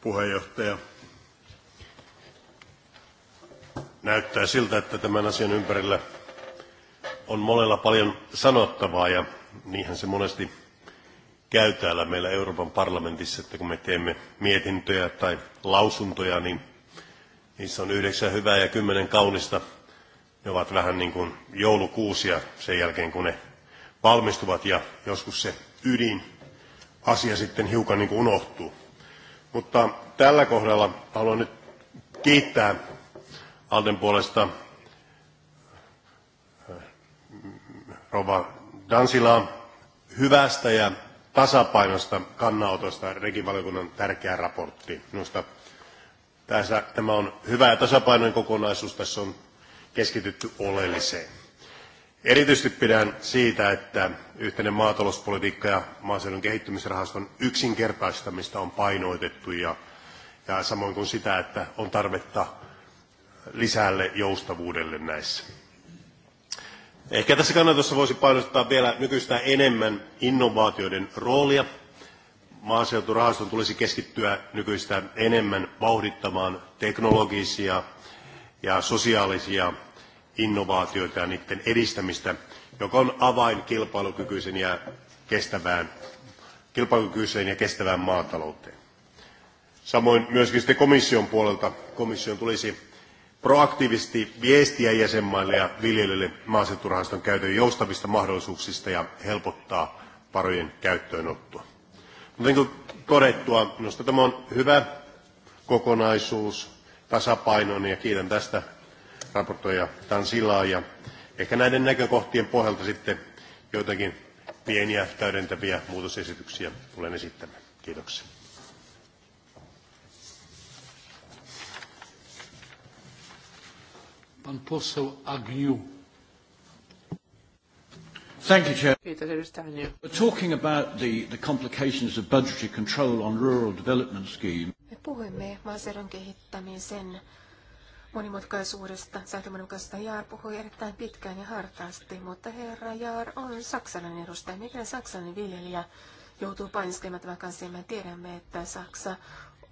puheenjohtaja. Näyttää siltä, että tämän asian ympärillä on monella paljon sanottavaa ja niinhän se monesti käy täällä meillä Euroopan parlamentissa, että kun me teemme mietintöjä tai lausuntoja, niin niissä on yhdeksän hyvää ja kymmenen kaunista. Ne ovat vähän niin kuin joulukuusia sen jälkeen, kun ne valmistuvat ja joskus se ydin asia sitten hiukan niin kuin unohtuu. Mutta tällä kohdalla haluan nyt kiittää Alden puolesta Rova Dansilaa hyvästä ja tasapainosta kannanotosta regivaliokunnan tärkeä raportti. Minusta tässä, tämä on hyvä ja tasapainoinen kokonaisuus. Tässä on keskitytty oleelliseen. Erityisesti pidän siitä, että yhteinen maatalouspolitiikka ja maaseudun kehittymisrahaston yksinkertaistamista on painoitettu ja, ja samoin kuin sitä, että on tarvetta lisälle joustavuudelle näissä. Ehkä tässä kannatossa voisi painottaa vielä nykyistä enemmän innovaatioiden roolia. Maaseuturahaston tulisi keskittyä nykyistä enemmän vauhdittamaan teknologisia ja sosiaalisia innovaatioita ja niiden edistämistä, joka on avain kilpailukykyisen ja kestävään, kilpailukykyiseen ja kestävään maatalouteen. Samoin myöskin sitten komission puolelta komission tulisi proaktiivisesti viestiä jäsenmaille ja viljelijöille maaseuturahaston käytön joustavista mahdollisuuksista ja helpottaa varojen käyttöönottoa. Mutta niin kuin todettua, minusta tämä on hyvä kokonaisuus, tasapainoinen ja kiitän tästä raportoija Tansilaa ja ehkä näiden näkökohtien pohjalta sitten joitakin pieniä täydentäviä muutosesityksiä tulen esittämään. Kiitoksia. Pan poseł Agnew. Thank you, Chair. Kiitos, edustaja We're talking about the, the complications of budgetary control on rural development scheme. Me puhuimme maaseudun kehittämisen monimutkaisuudesta, sääntömonimutkaisuudesta Jaar puhui erittäin pitkään ja hartaasti, mutta herra Jaar on saksalainen edustaja. Mikä saksalainen viljelijä joutuu painiskelemaan tämän kanssa, niin me tiedämme, että Saksa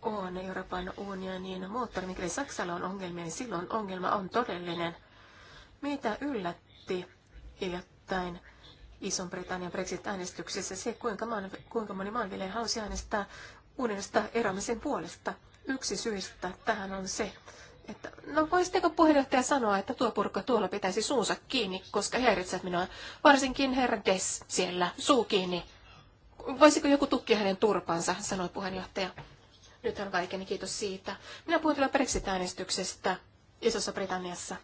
on Euroopan unionin moottori, mikäli Saksalla on ongelmia, niin silloin ongelma on todellinen. Mitä yllätti hiljattain iso britannian Brexit-äänestyksessä se, kuinka, maan, kuinka moni maanviljelijä halusi äänestää unionista eroamisen puolesta. Yksi syistä tähän on se, että no voisitteko puheenjohtaja sanoa, että tuo purkka tuolla pitäisi suunsa kiinni, koska häiritset minua, varsinkin herra Des siellä, suu kiinni. Voisiko joku tukkia hänen turpansa, sanoi puheenjohtaja. Nyt on kaiken kiitos siitä. Minä puhun kyllä Brexit-äänestyksestä Isossa Britanniassa.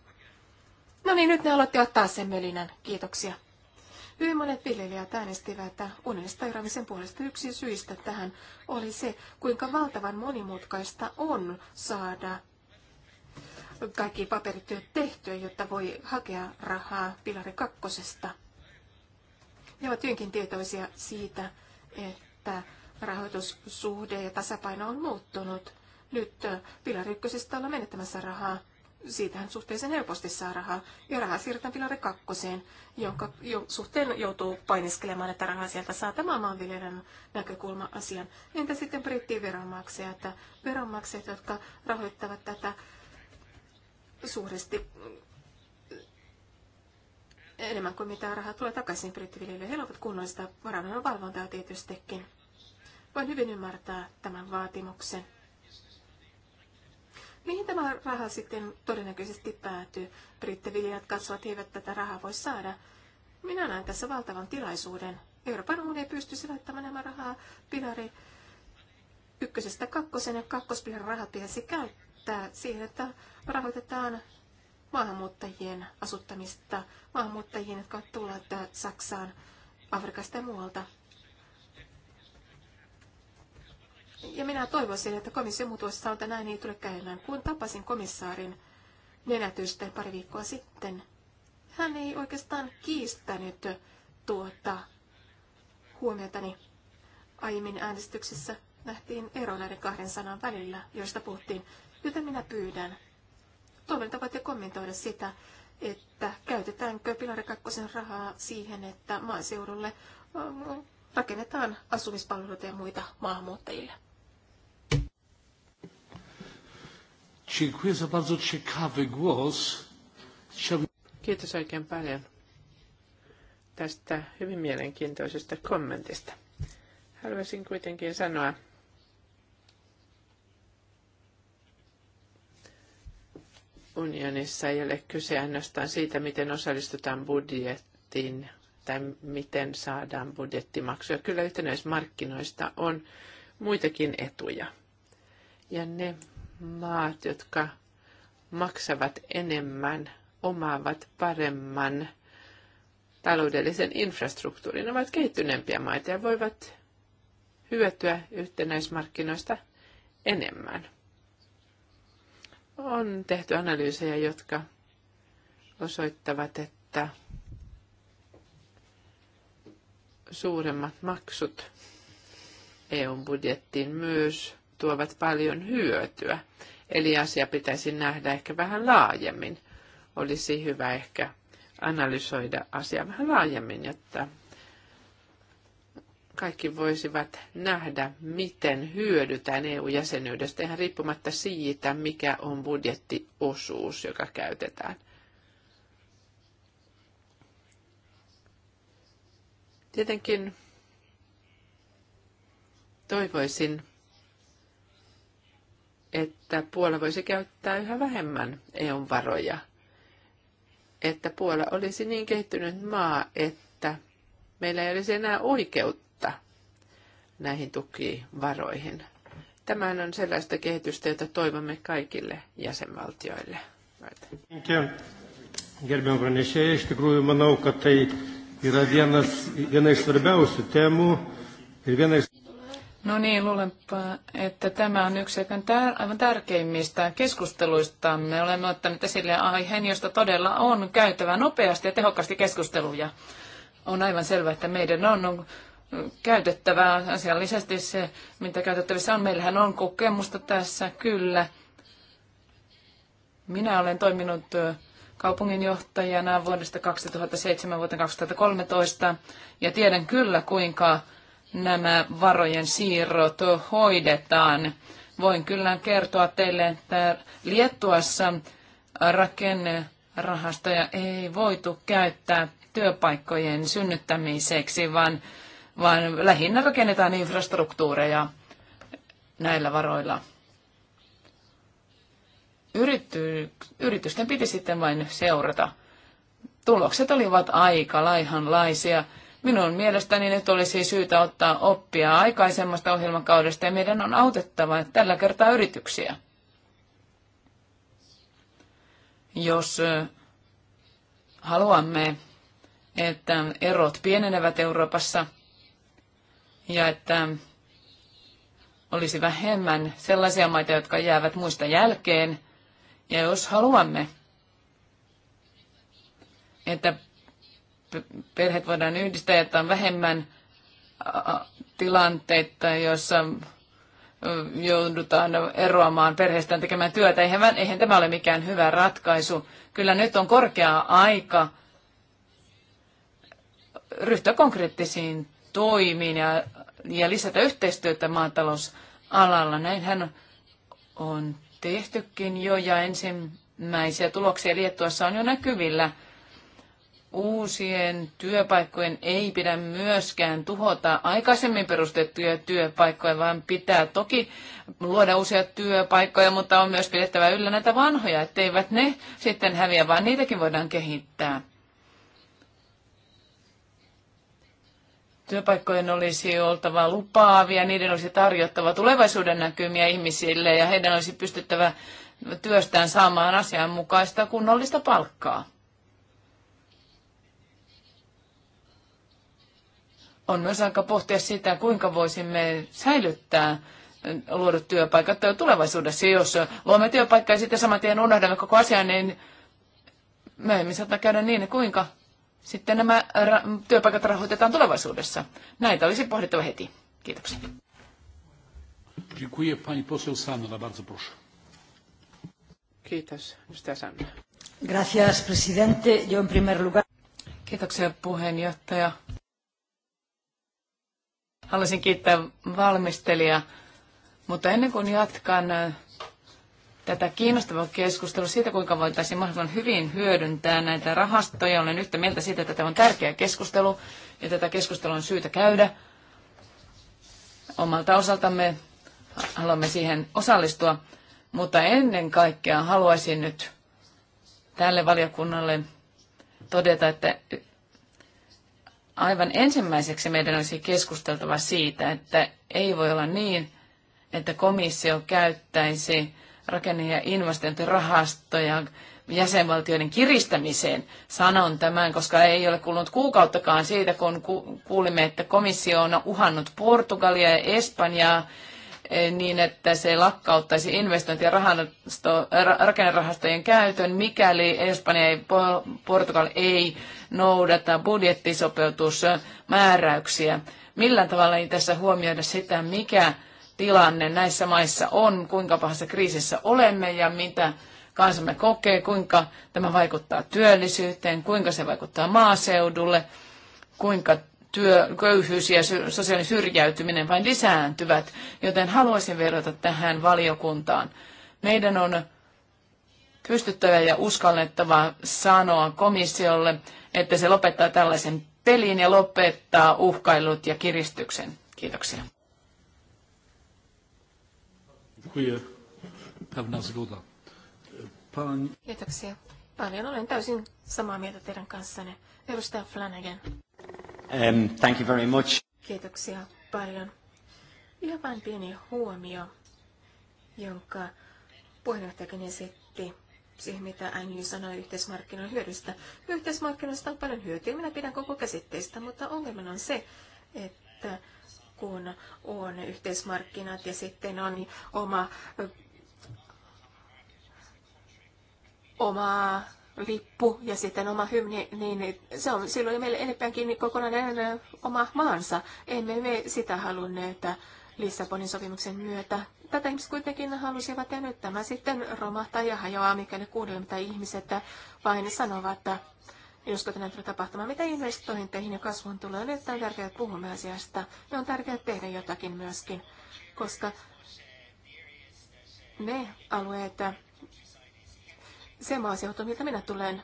No niin, nyt ne aloitti ottaa sen mölinän. Kiitoksia. Hyvin monet viljelijät äänestivät eroamisen puolesta. Yksi syistä tähän oli se, kuinka valtavan monimutkaista on saada kaikki paperityöt tehtyä, jotta voi hakea rahaa pilari kakkosesta. Ne ovat hyvinkin tietoisia siitä, että rahoitussuhde ja tasapaino on muuttunut. Nyt äh, pilari ykkösestä ollaan menettämässä rahaa. Siitähän suhteeseen helposti saa rahaa. Ja rahaa siirretään pilari kakkoseen, jonka jo, suhteen joutuu painiskelemaan, että rahaa sieltä saa tämä maanviljelijän näkökulma asian. Entä sitten brittiin veronmaksajat? Veronmaksajat, jotka rahoittavat tätä suuresti äh, enemmän kuin mitä rahaa tulee takaisin brittiviljelijöille. He ovat kunnollista varannon valvontaa tietystikin. Voin hyvin ymmärtää tämän vaatimuksen. Mihin tämä raha sitten todennäköisesti päätyy? Brittiviljat katsovat, eivät tätä rahaa voi saada. Minä näen tässä valtavan tilaisuuden. Euroopan unioni pystyisi laittamaan nämä rahaa pilari ykkösestä kakkosen ja kakkospilarin rahat pitäisi käyttää siihen, että rahoitetaan maahanmuuttajien asuttamista, maahanmuuttajien, jotka tulleet Saksaan, Afrikasta ja muualta. Ja minä toivoisin, että komissio muutuessa sanoo, että näin ei tule käymään. Kun tapasin komissaarin nenätystä pari viikkoa sitten, hän ei oikeastaan kiistänyt tuota huomiotani. Aiemmin äänestyksessä nähtiin ero näiden kahden sanan välillä, joista puhuttiin, joten minä pyydän. Toivon, että voitte kommentoida sitä, että käytetäänkö Pilari Kakkosen rahaa siihen, että maaseudulle rakennetaan asumispalveluita ja muita maahanmuuttajille. Dziękuję za bardzo ciekawy głos. Chciałbym... Kiitos oikein paljon tästä hyvin mielenkiintoisesta kommentista. Haluaisin kuitenkin sanoa, unionissa ei ole kyse ainoastaan siitä, miten osallistutaan budjettiin tai miten saadaan budjettimaksuja. Kyllä yhtenäismarkkinoista on muitakin etuja. Ja ne maat, jotka maksavat enemmän, omaavat paremman taloudellisen infrastruktuurin, ovat kehittyneempiä maita ja voivat hyötyä yhtenäismarkkinoista enemmän. On tehty analyysejä, jotka osoittavat, että suuremmat maksut eu budjettiin myös tuovat paljon hyötyä. Eli asia pitäisi nähdä ehkä vähän laajemmin. Olisi hyvä ehkä analysoida asia vähän laajemmin, jotta kaikki voisivat nähdä, miten hyödytään EU-jäsenyydestä, ihan riippumatta siitä, mikä on budjettiosuus, joka käytetään. Tietenkin toivoisin, että Puola voisi käyttää yhä vähemmän EUn varoja. Että Puola olisi niin kehittynyt maa, että meillä ei olisi enää oikeutta näihin tukivaroihin. Tämähän on sellaista kehitystä, jota toivomme kaikille jäsenvaltioille. Kiitos. No niin, luulenpa, että tämä on yksi aivan tärkeimmistä keskusteluista. Me olemme ottaneet esille aiheen, josta todella on käytävä nopeasti ja tehokkaasti keskusteluja. On aivan selvää, että meidän on, on käytettävä asiallisesti se, mitä käytettävissä on. Meillähän on kokemusta tässä, kyllä. Minä olen toiminut kaupunginjohtajana vuodesta 2007 vuoteen 2013 ja tiedän kyllä, kuinka nämä varojen siirrot hoidetaan. Voin kyllä kertoa teille, että Liettuassa rakennerahastoja ei voitu käyttää työpaikkojen synnyttämiseksi, vaan, vaan lähinnä rakennetaan infrastruktuureja näillä varoilla. Yrity, yritysten piti sitten vain seurata. Tulokset olivat aika laihanlaisia. Minun mielestäni nyt olisi syytä ottaa oppia aikaisemmasta ohjelmakaudesta ja meidän on autettava tällä kertaa yrityksiä. Jos haluamme, että erot pienenevät Euroopassa ja että olisi vähemmän sellaisia maita, jotka jäävät muista jälkeen, ja jos haluamme, että perheet voidaan yhdistää, että on vähemmän tilanteita, joissa joudutaan eroamaan perheestään tekemään työtä. Eihän, eihän tämä ole mikään hyvä ratkaisu. Kyllä nyt on korkea aika ryhtyä konkreettisiin toimiin ja, ja lisätä yhteistyötä maatalousalalla. Näinhän on tehtykin jo ja ensimmäisiä tuloksia Liettuassa on jo näkyvillä – uusien työpaikkojen ei pidä myöskään tuhota aikaisemmin perustettuja työpaikkoja, vaan pitää toki luoda uusia työpaikkoja, mutta on myös pidettävä yllä näitä vanhoja, etteivät ne sitten häviä, vaan niitäkin voidaan kehittää. Työpaikkojen olisi oltava lupaavia, niiden olisi tarjottava tulevaisuuden näkymiä ihmisille ja heidän olisi pystyttävä työstään saamaan asianmukaista kunnollista palkkaa. on myös aika pohtia sitä, kuinka voisimme säilyttää luodut työpaikat tulevaisuudessa. Jos luomme työpaikkaa ja sitten saman tien unohdamme koko asian, niin myöhemmin saattaa käydä niin, että kuinka sitten nämä ra- työpaikat rahoitetaan tulevaisuudessa. Näitä olisi pohdittava heti. Kiitoksia. Dziękuję. Pani poseł Sanna, bardzo proszę. Kiitos. Edustaja Sanna. Gracias, presidente. Yo en primer lugar... Kiitoksia puheenjohtaja. Haluaisin kiittää valmistelijaa, mutta ennen kuin jatkan tätä kiinnostavaa keskustelua siitä, kuinka voitaisiin mahdollisimman hyvin hyödyntää näitä rahastoja. Olen yhtä mieltä siitä, että tämä on tärkeä keskustelu ja tätä keskustelua on syytä käydä. Omalta osaltamme haluamme siihen osallistua, mutta ennen kaikkea haluaisin nyt tälle valiokunnalle todeta, että Aivan ensimmäiseksi meidän olisi keskusteltava siitä, että ei voi olla niin, että komissio käyttäisi rakenne- ja investointirahastoja jäsenvaltioiden kiristämiseen. Sanon tämän, koska ei ole kulunut kuukauttakaan siitä, kun kuulimme, että komissio on uhannut Portugalia ja Espanjaa eh, niin, että se lakkauttaisi investointi- ja rakennerahastojen käytön, mikäli Espanja ja Portugal ei noudata budjettisopeutusmääräyksiä. Millä tavalla ei tässä huomioida sitä, mikä tilanne näissä maissa on, kuinka pahassa kriisissä olemme ja mitä kansamme kokee, kuinka tämä vaikuttaa työllisyyteen, kuinka se vaikuttaa maaseudulle, kuinka työ, köyhyys ja sosiaalinen syrjäytyminen vain lisääntyvät, joten haluaisin verrata tähän valiokuntaan. Meidän on pystyttävä ja uskallettava sanoa komissiolle että se lopettaa tällaisen pelin ja lopettaa uhkailut ja kiristyksen. Kiitoksia. Kiitoksia. Paljon olen täysin samaa mieltä teidän kanssanne. Edustaja Flanagan. Um, thank you very much. Kiitoksia paljon. Ihan vain pieni huomio, jonka puheenjohtajakin esitti siihen, mitä Anju sanoi yhteismarkkinoiden hyödystä. Yhteismarkkinoista on paljon hyötyä, minä pidän koko käsitteistä, mutta ongelmana on se, että kun on yhteismarkkinat ja sitten on oma, oma lippu ja sitten oma hymni, niin se on silloin meille enempäänkin kokonainen oma maansa. Emme me sitä halunneet Lissabonin sopimuksen myötä Tätä ihmiset kuitenkin halusivat ja nyt tämä sitten romahtaa ja hajoaa, ne kuulee, mitä ihmiset vain sanovat, että josko tänään tulee tapahtumaan, mitä investointeihin ja kasvuun tulee. Nyt niin on tärkeää puhua asiasta ja on tärkeää tehdä jotakin myöskin, koska ne alueet, se maaseutu, miltä minä tulen,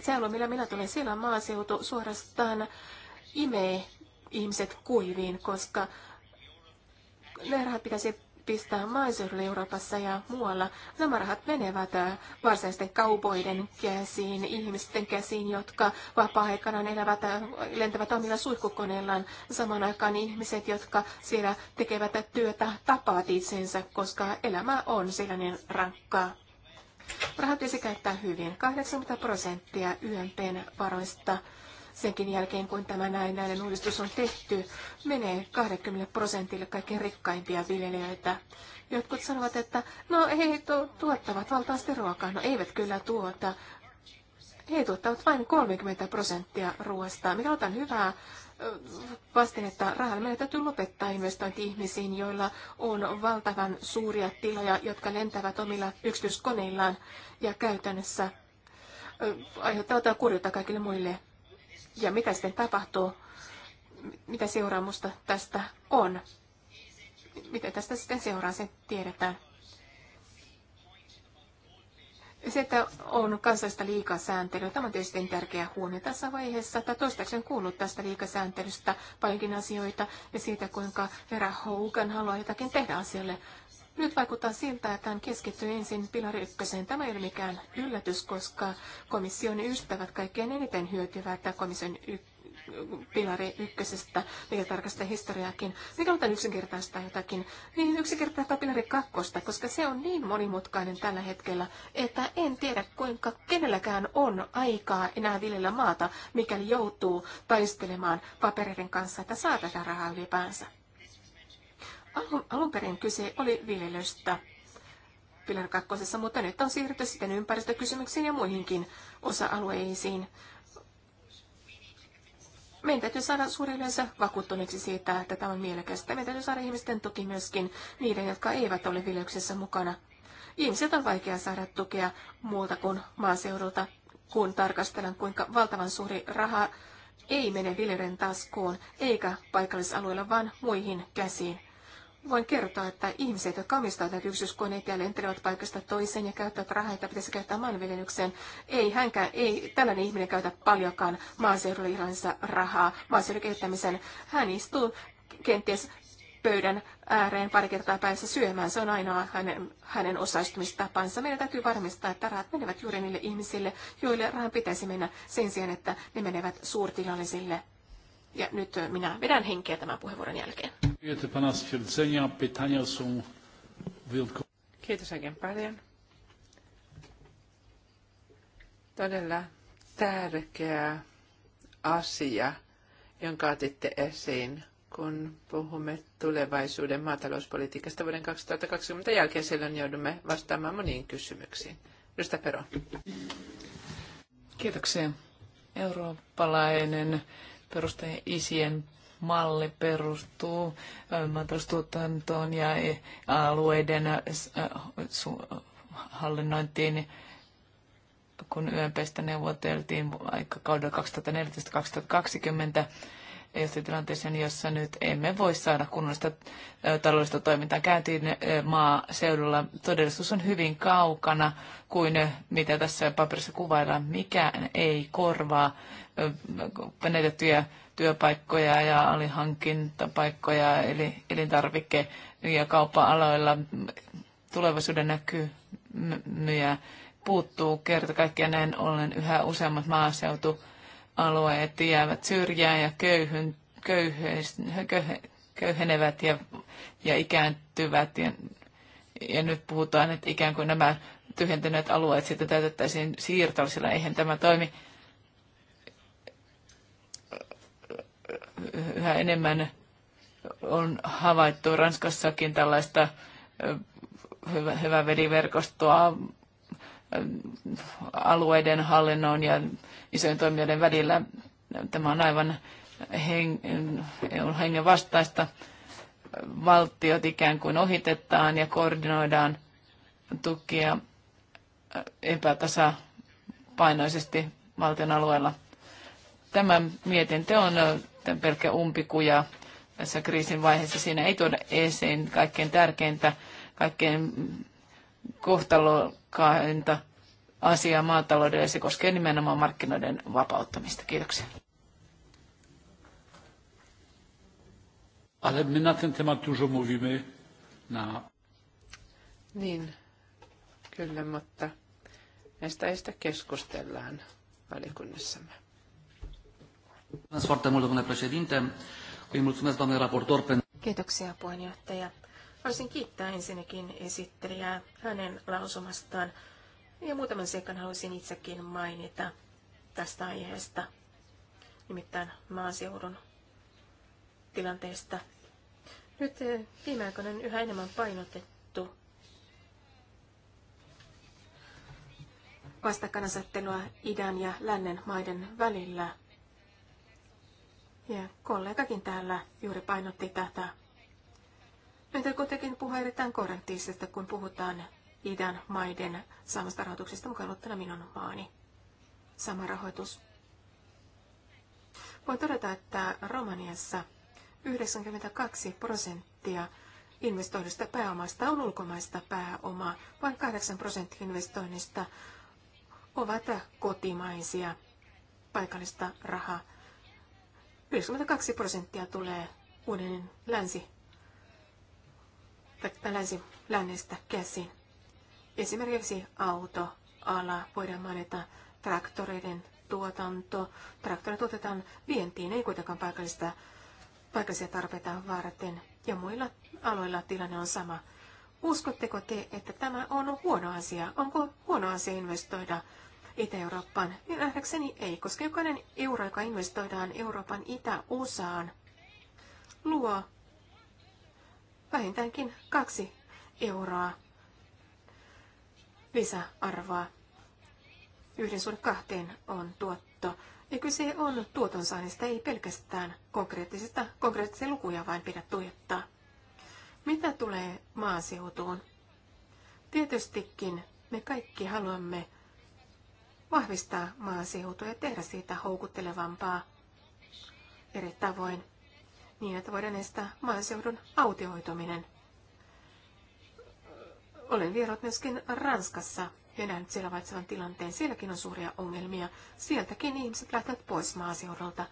se alue, millä minä tulen, siellä maaseutu suorastaan imee ihmiset kuiviin, koska ne rahat pitäisi pistää maaseudulle Euroopassa ja muualla. Nämä rahat menevät äh, varsinaisesti kaupoiden käsiin, ihmisten käsiin, jotka vapaa aikana elävät, äh, lentävät omilla suihkukoneillaan. Samaan aikaan ihmiset, jotka siellä tekevät työtä, tapaat itsensä, koska elämä on sellainen niin rankkaa. Rahat pitäisi käyttää hyvin. 80 prosenttia YMPn varoista senkin jälkeen, kun tämä näennäinen uudistus on tehty, menee 20 prosentille kaikkein rikkaimpia viljelijöitä. Jotkut sanovat, että no he tuottavat valtavasti ruokaa. No eivät kyllä tuota. He tuottavat vain 30 prosenttia ruoasta, mikä on hyvää että rahalla Meidän täytyy lopettaa investointi ihmisiin, joilla on valtavan suuria tiloja, jotka lentävät omilla yksityiskoneillaan ja käytännössä aiheuttaa kurjuutta kaikille muille ja mitä sitten tapahtuu, mitä seuraamusta tästä on. Mitä tästä sitten seuraa, se tiedetään. Se, että on kansallista liikasääntelyä, tämä on tietysti tärkeä huomio tässä vaiheessa, että toistaiseksi kuullut tästä liikasääntelystä paljonkin asioita ja siitä, kuinka herra Hogan haluaa jotakin tehdä asialle. Nyt vaikuttaa siltä, että hän keskittyy ensin pilari ykköseen. Tämä ei ole mikään yllätys, koska komission ystävät kaikkein eniten hyötyvät komission ykköseen pilari ykkösestä, mikä tarkastaa historiaakin. Mikä on yksinkertaista jotakin? Niin yksinkertaista pilari kakkosta, koska se on niin monimutkainen tällä hetkellä, että en tiedä kuinka kenelläkään on aikaa enää viljellä maata, mikäli joutuu taistelemaan papereiden kanssa, että saa tätä rahaa ylipäänsä. Alun perin kyse oli viljelystä Pilar kakkosessa, mutta nyt on siirrytty sitten ympäristökysymyksiin ja muihinkin osa-alueisiin. Meidän täytyy saada suuri yleensä vakuuttuneeksi siitä, että tämä on mielekästä. Meidän täytyy saada ihmisten tuki myöskin niiden, jotka eivät ole viljelyksessä mukana. Ihmiset on vaikea saada tukea muulta kuin maaseudulta, kun tarkastellaan, kuinka valtavan suuri raha ei mene viljelyn taskuun, eikä paikallisalueilla, vaan muihin käsiin. Voin kertoa, että ihmiset, jotka omistavat näitä yksityiskoneita ja lentelevät paikasta toiseen ja käyttävät rahaa, että pitäisi käyttää maanviljelykseen, ei hänkään, ei tällainen ihminen käytä paljonkaan maaseudulla Irlannissa rahaa maaseudun kehittämiseen. Hän istuu kenties pöydän ääreen pari kertaa päässä syömään. Se on ainoa hänen, hänen osaistumistapansa. Meidän täytyy varmistaa, että rahat menevät juuri niille ihmisille, joille rahan pitäisi mennä sen sijaan, että ne menevät suurtilallisille ja nyt minä vedän henkeä tämän puheenvuoron jälkeen. Kiitos oikein paljon. Todella tärkeä asia, jonka otitte esiin, kun puhumme tulevaisuuden maatalouspolitiikasta vuoden 2020 jälkeen. Silloin joudumme vastaamaan moniin kysymyksiin. Rysta Pero. Kiitoksia. Eurooppalainen perustajien isien malli perustuu maataloustuotantoon ja e, alueiden hallinnointiin, kun YMPstä neuvoteltiin aikakaudella 2014-2020 johti tilanteeseen, jossa nyt emme voi saada kunnollista taloudellista toimintaa käyntiin maaseudulla. Todellisuus on hyvin kaukana kuin mitä tässä paperissa kuvaillaan. Mikään ei korvaa menetettyjä työpaikkoja ja alihankintapaikkoja, eli elintarvikke- ja kauppa-aloilla tulevaisuuden näkymiä puuttuu kerta kaikkiaan näin ollen yhä useammat maaseutu alueet jäävät syrjään ja köyhyn, köyhe, köyhenevät ja, ja ikääntyvät. Ja, ja nyt puhutaan, että ikään kuin nämä tyhjentyneet alueet sitten täytettäisiin siirtolaisilla. Eihän tämä toimi yhä enemmän on havaittu Ranskassakin tällaista hyvä, hyvä veliverkostoa alueiden hallinnon ja isojen toimijoiden välillä. Tämä on aivan hengen, hengen vastaista. Valtiot ikään kuin ohitetaan ja koordinoidaan tukia epätasapainoisesti valtion alueella. Tämä mietintö on pelkkä umpikuja tässä kriisin vaiheessa. Siinä ei tuoda esiin kaikkein tärkeintä, kaikkein kohtalo monimutkainta asiaa maataloudelle. Se koskee nimenomaan markkinoiden vapauttamista. Kiitoksia. Ale my na ten temat dużo mówimy na... Niin, kyllä, mutta näistä ei sitä keskustellaan valikunnassamme. Kiitoksia, puheenjohtaja. Haluaisin kiittää ensinnäkin esittelijää hänen lausumastaan ja muutaman sekan haluaisin itsekin mainita tästä aiheesta, nimittäin maaseudun tilanteesta. Nyt eh, viime aikoina on yhä enemmän painotettu vastakkainasettelua idän ja lännen maiden välillä. Ja kollegakin täällä juuri painotti tätä Meitä kuitenkin puhua erittäin korrektiisesti, kun puhutaan idän maiden saamasta rahoituksesta mukaan minun maani. Sama rahoitus. Voin todeta, että Romaniassa 92 prosenttia investoidusta pääomasta on ulkomaista pääomaa, vain 8 prosenttia investoinnista ovat kotimaisia paikallista rahaa. 92 prosenttia tulee uuden länsi länsi, lännestä käsin. Esimerkiksi autoala voidaan mainita traktoreiden tuotanto. traktoreita tuotetaan vientiin, ei kuitenkaan paikallista, paikallisia tarpeita varten. Ja muilla aloilla tilanne on sama. Uskotteko te, että tämä on huono asia? Onko huono asia investoida Itä-Eurooppaan? Nähdäkseni ei, koska jokainen euro, joka investoidaan Euroopan itäosaan, luo vähintäänkin kaksi euroa lisäarvoa. Yhden suhde kahteen on tuotto. Ja kyse on tuotonsaannista, ei pelkästään konkreettisista, konkreettisia lukuja vain pidä tuijottaa. Mitä tulee maaseutuun? Tietystikin me kaikki haluamme vahvistaa maaseutua ja tehdä siitä houkuttelevampaa eri tavoin niin, että voidaan estää maaseudun autioituminen. Olen vieraat myöskin Ranskassa ja nähnyt siellä vaitsevan tilanteen. Sielläkin on suuria ongelmia. Sieltäkin ihmiset lähtevät pois maaseudulta.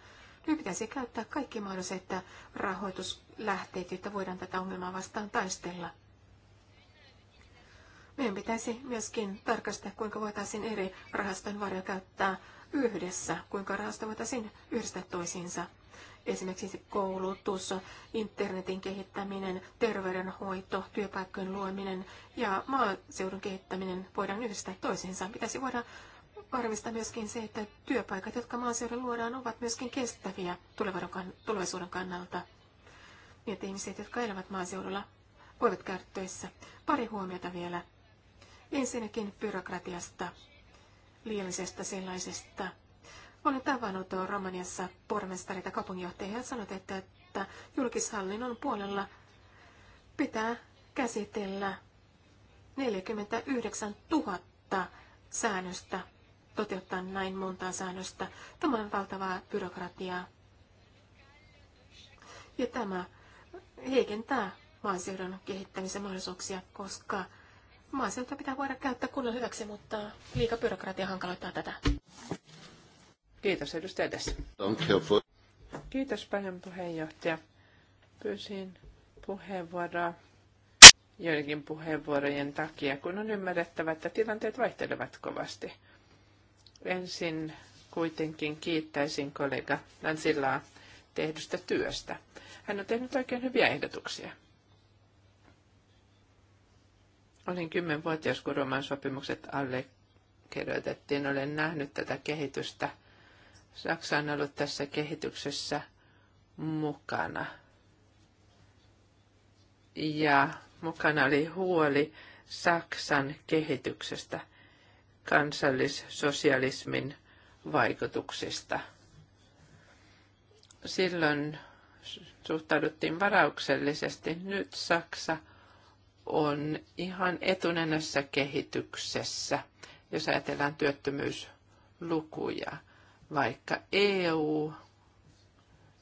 Nyt pitäisi käyttää kaikki mahdolliset rahoituslähteet, jotta voidaan tätä ongelmaa vastaan taistella. Meidän pitäisi myöskin tarkastaa, kuinka voitaisiin eri rahaston varjo käyttää yhdessä, kuinka rahasto voitaisiin yhdistää toisiinsa. Esimerkiksi koulutus, internetin kehittäminen, terveydenhoito, työpaikkojen luominen ja maaseudun kehittäminen voidaan yhdistää toisiinsa. Pitäisi voida varmistaa myöskin se, että työpaikat, jotka maaseudun luodaan, ovat myöskin kestäviä tulevaisuuden kannalta. Niin, että ihmiset, jotka elävät maaseudulla, voivat käydä töissä. Pari huomiota vielä. Ensinnäkin byrokratiasta, liiallisesta sellaisesta. Olen tavannut Romaniassa pormestareita kaupunginjohtajia ja sanot, että, että julkishallinnon puolella pitää käsitellä 49 000 säännöstä, toteuttaa näin montaa säännöstä. Tämä on valtavaa byrokratiaa. Ja tämä heikentää maaseudun kehittämisen mahdollisuuksia, koska maaseutua pitää voida käyttää kunnon hyväksi, mutta liika byrokratia hankaloittaa tätä. Kiitos edustaja Kiitos paljon puheenjohtaja. Pyysin puheenvuoroa joidenkin puheenvuorojen takia, kun on ymmärrettävä, että tilanteet vaihtelevat kovasti. Ensin kuitenkin kiittäisin kollega Lansillaa tehdystä työstä. Hän on tehnyt oikein hyviä ehdotuksia. Olin kymmenvuotias, kun Roman sopimukset allekirjoitettiin. Olen nähnyt tätä kehitystä – Saksa on ollut tässä kehityksessä mukana. Ja mukana oli huoli Saksan kehityksestä, kansallissosialismin vaikutuksista. Silloin suhtauduttiin varauksellisesti. Nyt Saksa on ihan etunenässä kehityksessä, jos ajatellaan työttömyyslukuja vaikka eu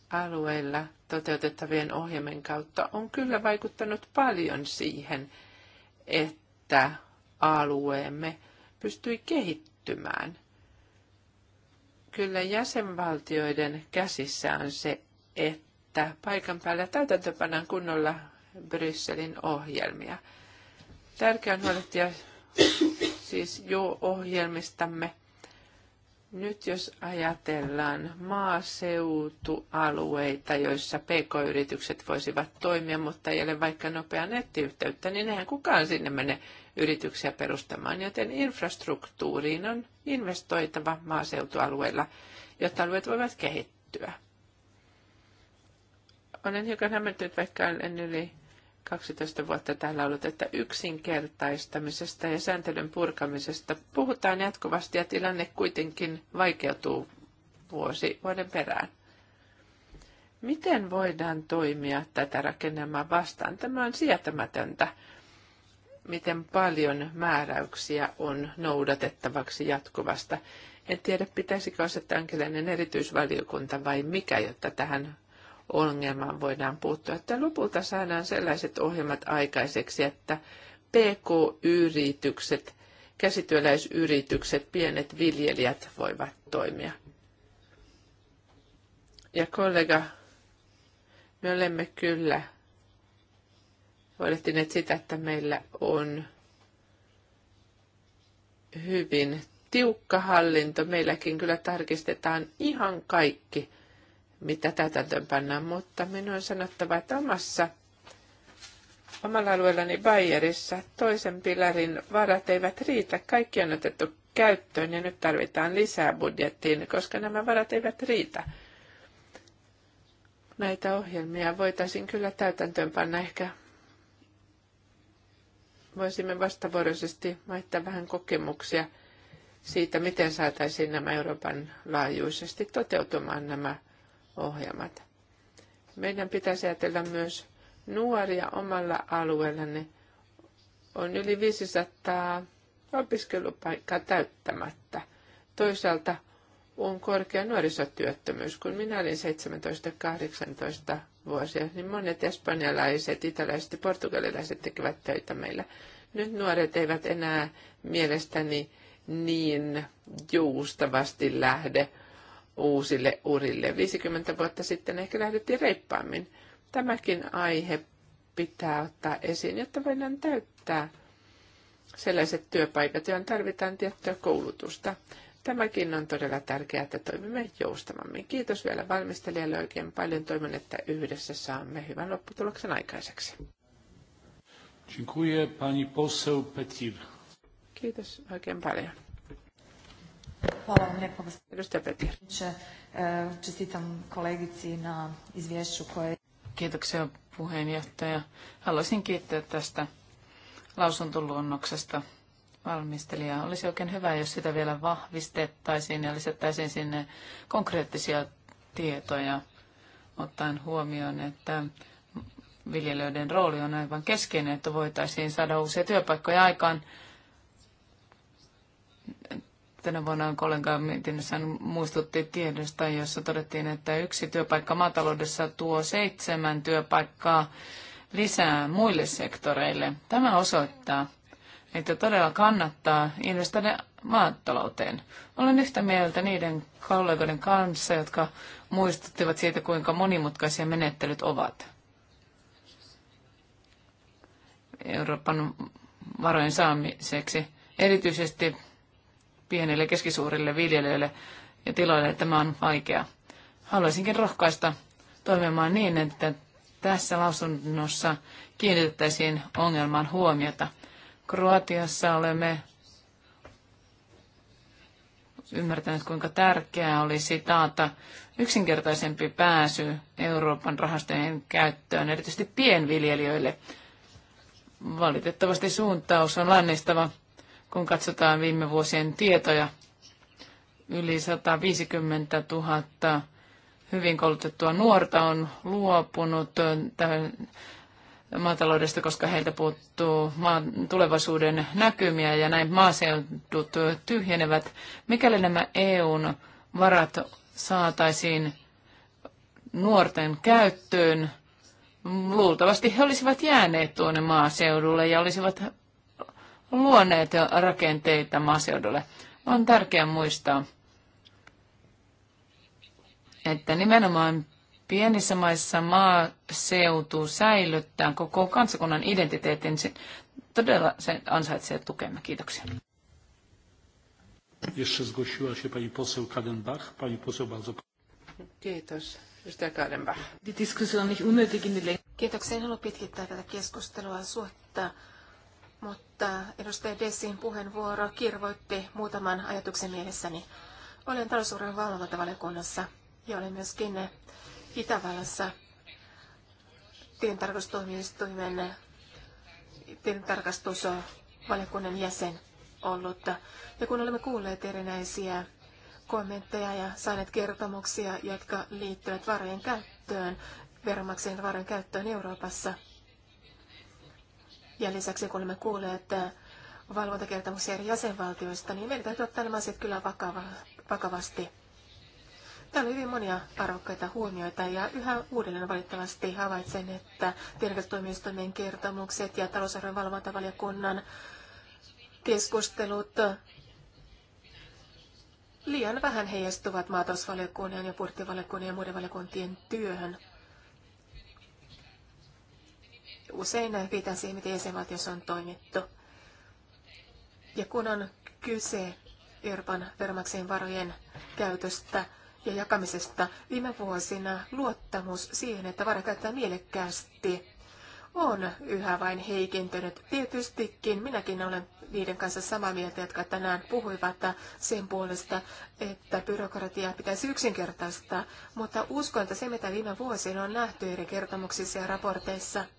alueella toteutettavien ohjelmien kautta on kyllä vaikuttanut paljon siihen, että alueemme pystyi kehittymään. Kyllä jäsenvaltioiden käsissä on se, että paikan päällä täytäntöpanan kunnolla Brysselin ohjelmia. Tärkeää on huolehtia siis jo ohjelmistamme – nyt jos ajatellaan maaseutualueita, joissa pk-yritykset voisivat toimia, mutta ei ole vaikka nopeaa nettiyhteyttä, niin eihän kukaan sinne mene yrityksiä perustamaan, joten infrastruktuuriin on investoitava maaseutualueilla, jotta alueet voivat kehittyä. Olen hiukan hämmentynyt, vaikka en yli 12 vuotta täällä ollut, että yksinkertaistamisesta ja sääntelyn purkamisesta puhutaan jatkuvasti ja tilanne kuitenkin vaikeutuu vuosi vuoden perään. Miten voidaan toimia tätä rakennelmaa vastaan? Tämä on sietämätöntä, miten paljon määräyksiä on noudatettavaksi jatkuvasta. En tiedä, pitäisikö asettaa jonkinlainen erityisvaliokunta vai mikä, jotta tähän ongelmaan voidaan puuttua, että lopulta saadaan sellaiset ohjelmat aikaiseksi, että PK-yritykset, käsityöläisyritykset, pienet viljelijät voivat toimia. Ja kollega, me olemme kyllä huolehtineet sitä, että meillä on hyvin tiukka hallinto. Meilläkin kyllä tarkistetaan ihan kaikki mitä täytäntöön pannaan, mutta minun on sanottava, että omassa, omalla alueellani Bayerissa toisen pilarin varat eivät riitä. Kaikki on otettu käyttöön ja nyt tarvitaan lisää budjettiin, koska nämä varat eivät riitä. Näitä ohjelmia voitaisiin kyllä täytäntöön panna ehkä voisimme vastavuoroisesti vaihtaa vähän kokemuksia siitä, miten saataisiin nämä Euroopan laajuisesti toteutumaan nämä ohjelmat. Meidän pitäisi ajatella myös nuoria omalla alueellanne. On yli 500 opiskelupaikkaa täyttämättä. Toisaalta on korkea nuorisotyöttömyys. Kun minä olin 17-18 vuosia, niin monet espanjalaiset, italaiset ja portugalilaiset tekevät töitä meillä. Nyt nuoret eivät enää mielestäni niin joustavasti lähde uusille urille. 50 vuotta sitten ehkä lähdettiin reippaammin. Tämäkin aihe pitää ottaa esiin, jotta voidaan täyttää sellaiset työpaikat, joihin tarvitaan tiettyä koulutusta. Tämäkin on todella tärkeää, että toimimme joustavammin. Kiitos vielä valmistelijalle oikein paljon. Toivon, että yhdessä saamme hyvän lopputuloksen aikaiseksi. Dziękuję pani poseł Petir. Kiitos oikein paljon. Hvala vam lijepo gospodine predsjedniče. E, čestitam kolegici na izvješću koje... Kiitoksia puheenjohtaja. Haluaisin kiittää tästä lausuntoluonnoksesta valmistelija. Olisi oikein hyvä, jos sitä vielä vahvistettaisiin ja lisättäisiin sinne konkreettisia tietoja, ottaen huomioon, että viljelijöiden rooli on aivan keskeinen, että voitaisiin saada uusia työpaikkoja aikaan tänä vuonna kollega mietinnössään muistutti tiedosta, jossa todettiin, että yksi työpaikka maataloudessa tuo seitsemän työpaikkaa lisää muille sektoreille. Tämä osoittaa, että todella kannattaa investoida maatalouteen. Olen yhtä mieltä niiden kollegoiden kanssa, jotka muistuttivat siitä, kuinka monimutkaisia menettelyt ovat. Euroopan varojen saamiseksi. Erityisesti pienille ja keskisuurille viljelijöille ja tiloille tämä on vaikea. Haluaisinkin rohkaista toimimaan niin, että tässä lausunnossa kiinnitettäisiin ongelman huomiota. Kroatiassa olemme ymmärtäneet, kuinka tärkeää olisi taata yksinkertaisempi pääsy Euroopan rahastojen käyttöön, erityisesti pienviljelijöille. Valitettavasti suuntaus on lannistava kun katsotaan viime vuosien tietoja, yli 150 000 hyvin koulutettua nuorta on luopunut tähän maataloudesta, koska heiltä puuttuu tulevaisuuden näkymiä ja näin maaseudut tyhjenevät. Mikäli nämä EUn varat saataisiin nuorten käyttöön, luultavasti he olisivat jääneet tuonne maaseudulle ja olisivat luoneet rakenteita maaseudulle. On tärkeää muistaa, että nimenomaan pienissä maissa maaseutu säilyttää koko kansakunnan identiteetin. Se, todella se ansaitsee tukemme. Kiitoksia. Jeszcze zgłosiła się pani poseł Kadenbach. Pani poseł bardzo... Kiitos. Edustaja Kadenbach. Kiitoksia. En halua pitkittää tätä keskustelua suottaa mutta edustaja Dessin puheenvuoro kirvoitti muutaman ajatuksen mielessäni. Olen talousuuden valvontavaliokunnassa ja olen myöskin Itävallassa tilintarkastustoimistoimen tilintarkastusvaliokunnan jäsen ollut. Ja kun olemme kuulleet erinäisiä kommentteja ja saaneet kertomuksia, jotka liittyvät varojen käyttöön, veronmaksajien varojen käyttöön Euroopassa – ja lisäksi kun olemme kuulleet äh, valvontakertomuksia eri jäsenvaltioista, niin meidän täytyy ottaa nämä asiat kyllä vakava, vakavasti. Täällä on hyvin monia arvokkaita huomioita ja yhä uudelleen valitettavasti havaitsen, että tiedotustoimistojen kertomukset ja talousarvon valvontavaliokunnan keskustelut liian vähän heijastuvat maatalousvaliokunnan ja budjettivaliokunnan ja muiden valiokuntien työhön usein viitan siihen, miten jäsenvaltiossa on toimittu. Ja kun on kyse Euroopan veronmaksajien varojen käytöstä ja jakamisesta viime vuosina, luottamus siihen, että varat käyttää mielekkäästi, on yhä vain heikentynyt. Tietystikin minäkin olen niiden kanssa samaa mieltä, jotka tänään puhuivat sen puolesta, että byrokratiaa pitäisi yksinkertaistaa, mutta uskon, että se mitä viime vuosina on nähty eri kertomuksissa ja raporteissa –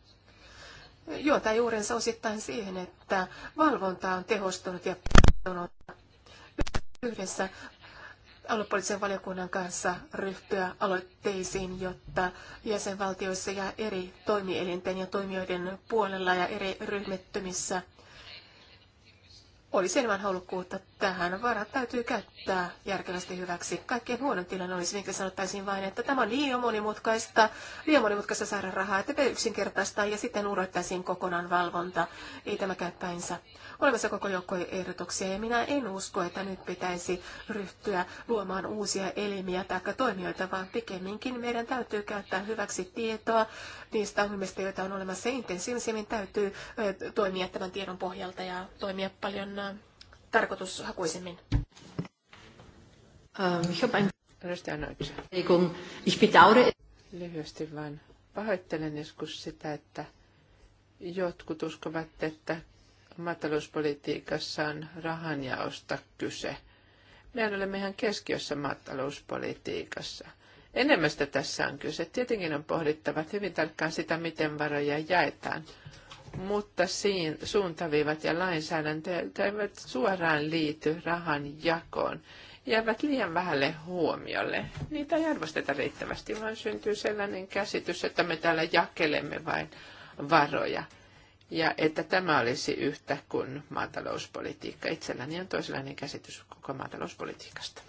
juontaa juurensa osittain siihen, että valvonta on tehostunut ja yhdessä aluepoliittisen valiokunnan kanssa ryhtyä aloitteisiin, jotta jäsenvaltioissa ja eri toimielinten ja toimijoiden puolella ja eri ryhmittymissä olisi enemmän halukkuutta tähän varat täytyy käyttää järkevästi hyväksi. Kaikkein huonon tilanne olisi, minkä sanottaisiin vain, että tämä on liian monimutkaista, liian monimutkaista saada rahaa, että yksinkertaista ja sitten uroittaisiin kokonaan valvonta. Ei tämä käy päinsä. Olemassa koko joukko ehdotuksia ja minä en usko, että nyt pitäisi ryhtyä luomaan uusia elimiä tai toimijoita, vaan pikemminkin meidän täytyy käyttää hyväksi tietoa niistä ohjelmista, joita on olemassa intensiivisemmin. Täytyy toimia tämän tiedon pohjalta ja toimia paljon tarkoitushakuisemmin. Ähm, Lyhyesti vain pahoittelen joskus sitä, että jotkut uskovat, että maatalouspolitiikassa on rahanjaosta kyse. Mehän olemme ihan keskiössä maatalouspolitiikassa. Enemmästä tässä on kyse. Tietenkin on pohdittava hyvin tarkkaan sitä, miten varoja jaetaan mutta siin, suuntaviivat ja lainsäädäntö eivät suoraan liity rahan jakoon, jäävät liian vähälle huomiolle. Niitä ei arvosteta riittävästi, vaan syntyy sellainen käsitys, että me täällä jakelemme vain varoja. Ja että tämä olisi yhtä kuin maatalouspolitiikka. Itselläni on toisenlainen käsitys koko maatalouspolitiikasta.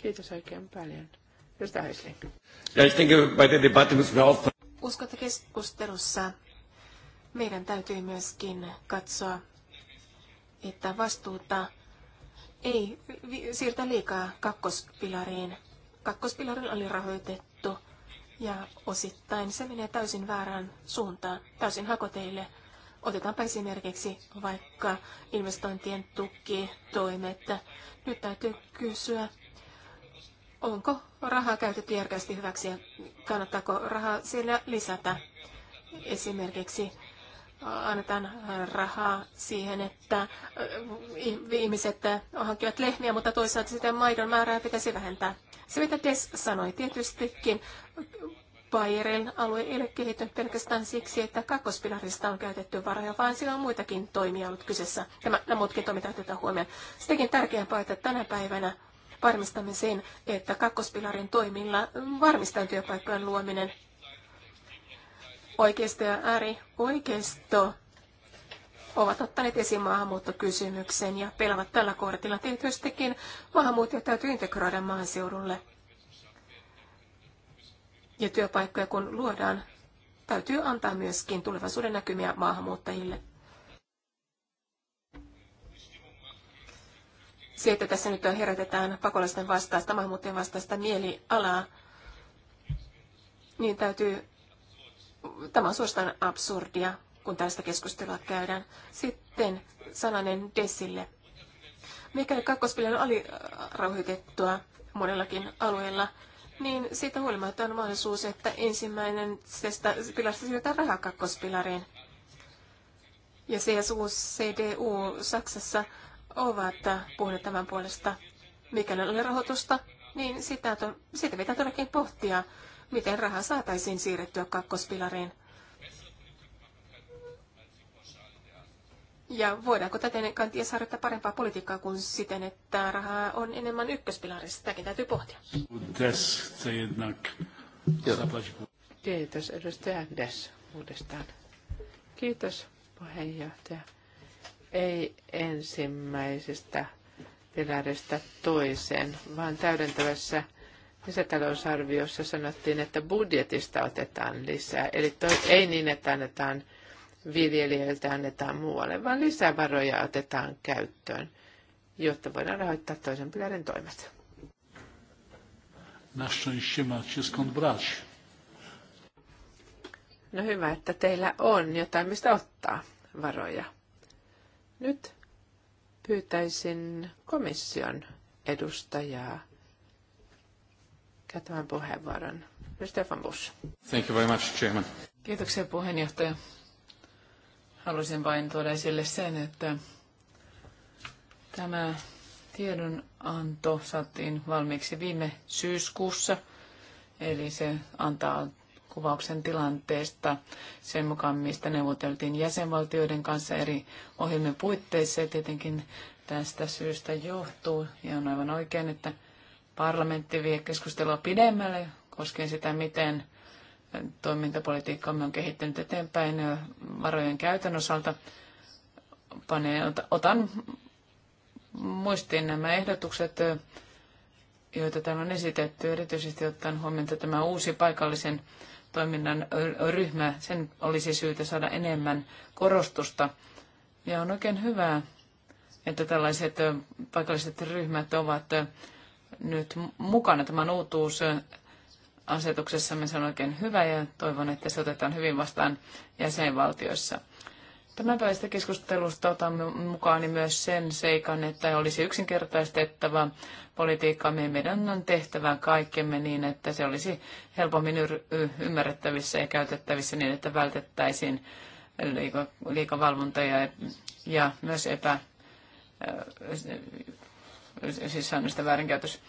Kiitos oikein paljon. Edustaja Hösling. Uskon, että keskustelussa meidän täytyy myöskin katsoa, että vastuuta ei siirtä liikaa kakkospilariin. Kakkospilarin oli rahoitettu ja osittain se menee täysin väärään suuntaan, täysin hakoteille. Otetaanpa esimerkiksi vaikka investointien tukitoimet. Nyt täytyy kysyä, onko rahaa käytetty järkeästi hyväksi ja kannattaako rahaa siellä lisätä. Esimerkiksi annetaan rahaa siihen, että ihmiset hankkivat lehmiä, mutta toisaalta sitä maidon määrää pitäisi vähentää. Se, mitä Des sanoi, tietystikin Bayerin alue ei ole kehittynyt pelkästään siksi, että kakkospilarista on käytetty varoja, vaan sillä on muitakin toimia ollut kyseessä. Tämä, nämä muutkin toiminnat tätä huomioon. Sitäkin tärkeämpää, että tänä päivänä varmistamme sen, että kakkospilarin toimilla varmistetaan työpaikkojen luominen. Oikeisto ja ääri oikeisto ovat ottaneet esiin maahanmuuttokysymyksen ja pelaavat tällä kortilla. Tietystikin maahanmuuttaja täytyy integroida maaseudulle. Ja työpaikkoja kun luodaan, täytyy antaa myöskin tulevaisuuden näkymiä maahanmuuttajille. Se, että tässä nyt on herätetään pakolaisten vastaista, maahanmuuttajien vastaista mielialaa, niin täytyy, tämä on suorastaan absurdia, kun tällaista keskustelua käydään. Sitten sananen Desille. Mikäli kakkospilja on alirauhoitettua äh, monellakin alueella, niin siitä huolimatta on mahdollisuus, että ensimmäinen pilasta siirretään rahaa kakkospilariin. Ja CSU, CDU Saksassa ovat puhuneet tämän puolesta. Mikäli oli rahoitusta, niin sitä, to, sitä pitää todellakin pohtia, miten raha saataisiin siirrettyä kakkospilariin. Ja voidaanko täten kantia harjoittaa parempaa politiikkaa kuin siten, että rahaa on enemmän ykköspilarissa? Sitäkin täytyy pohtia. Kiitos edustaja Des uudestaan. Kiitos puheenjohtaja ei ensimmäisestä pilarista toiseen, vaan täydentävässä lisätalousarviossa sanottiin, että budjetista otetaan lisää. Eli toi, ei niin, että annetaan viljelijöiltä, annetaan muualle, vaan lisävaroja otetaan käyttöön, jotta voidaan rahoittaa toisen pilarin toimet. No hyvä, että teillä on jotain, mistä ottaa varoja. Nyt pyytäisin komission edustajaa käyttämään puheenvuoron. Stefan Busch. Thank you very much, Chairman. Kiitoksia puheenjohtaja. Haluaisin vain tuoda esille sen, että tämä tiedonanto saatiin valmiiksi viime syyskuussa, eli se antaa kuvauksen tilanteesta sen mukaan, mistä neuvoteltiin jäsenvaltioiden kanssa eri ohjelmien puitteissa. Ja tietenkin tästä syystä johtuu, ja on aivan oikein, että parlamentti vie keskustelua pidemmälle koskien sitä, miten toimintapolitiikkaamme on kehittynyt eteenpäin varojen käytön osalta. otan muistiin nämä ehdotukset, joita täällä on esitetty, erityisesti ottaen huomioon tämä uusi paikallisen toiminnan ryhmä, sen olisi syytä saada enemmän korostusta. Ja on oikein hyvää, että tällaiset paikalliset ryhmät ovat nyt mukana. tämän uutuus asetuksessamme, se on oikein hyvä ja toivon, että se otetaan hyvin vastaan jäsenvaltioissa. Tämänpäiväistä keskustelusta otamme mukaani myös sen seikan, että olisi yksinkertaistettava politiikkaa. Meidän on tehtävä kaikkemme niin, että se olisi helpommin ymmärrettävissä ja käytettävissä niin, että vältettäisiin liika, liikavalvonta ja, ja myös epä, siis säännöstä väärinkäytös.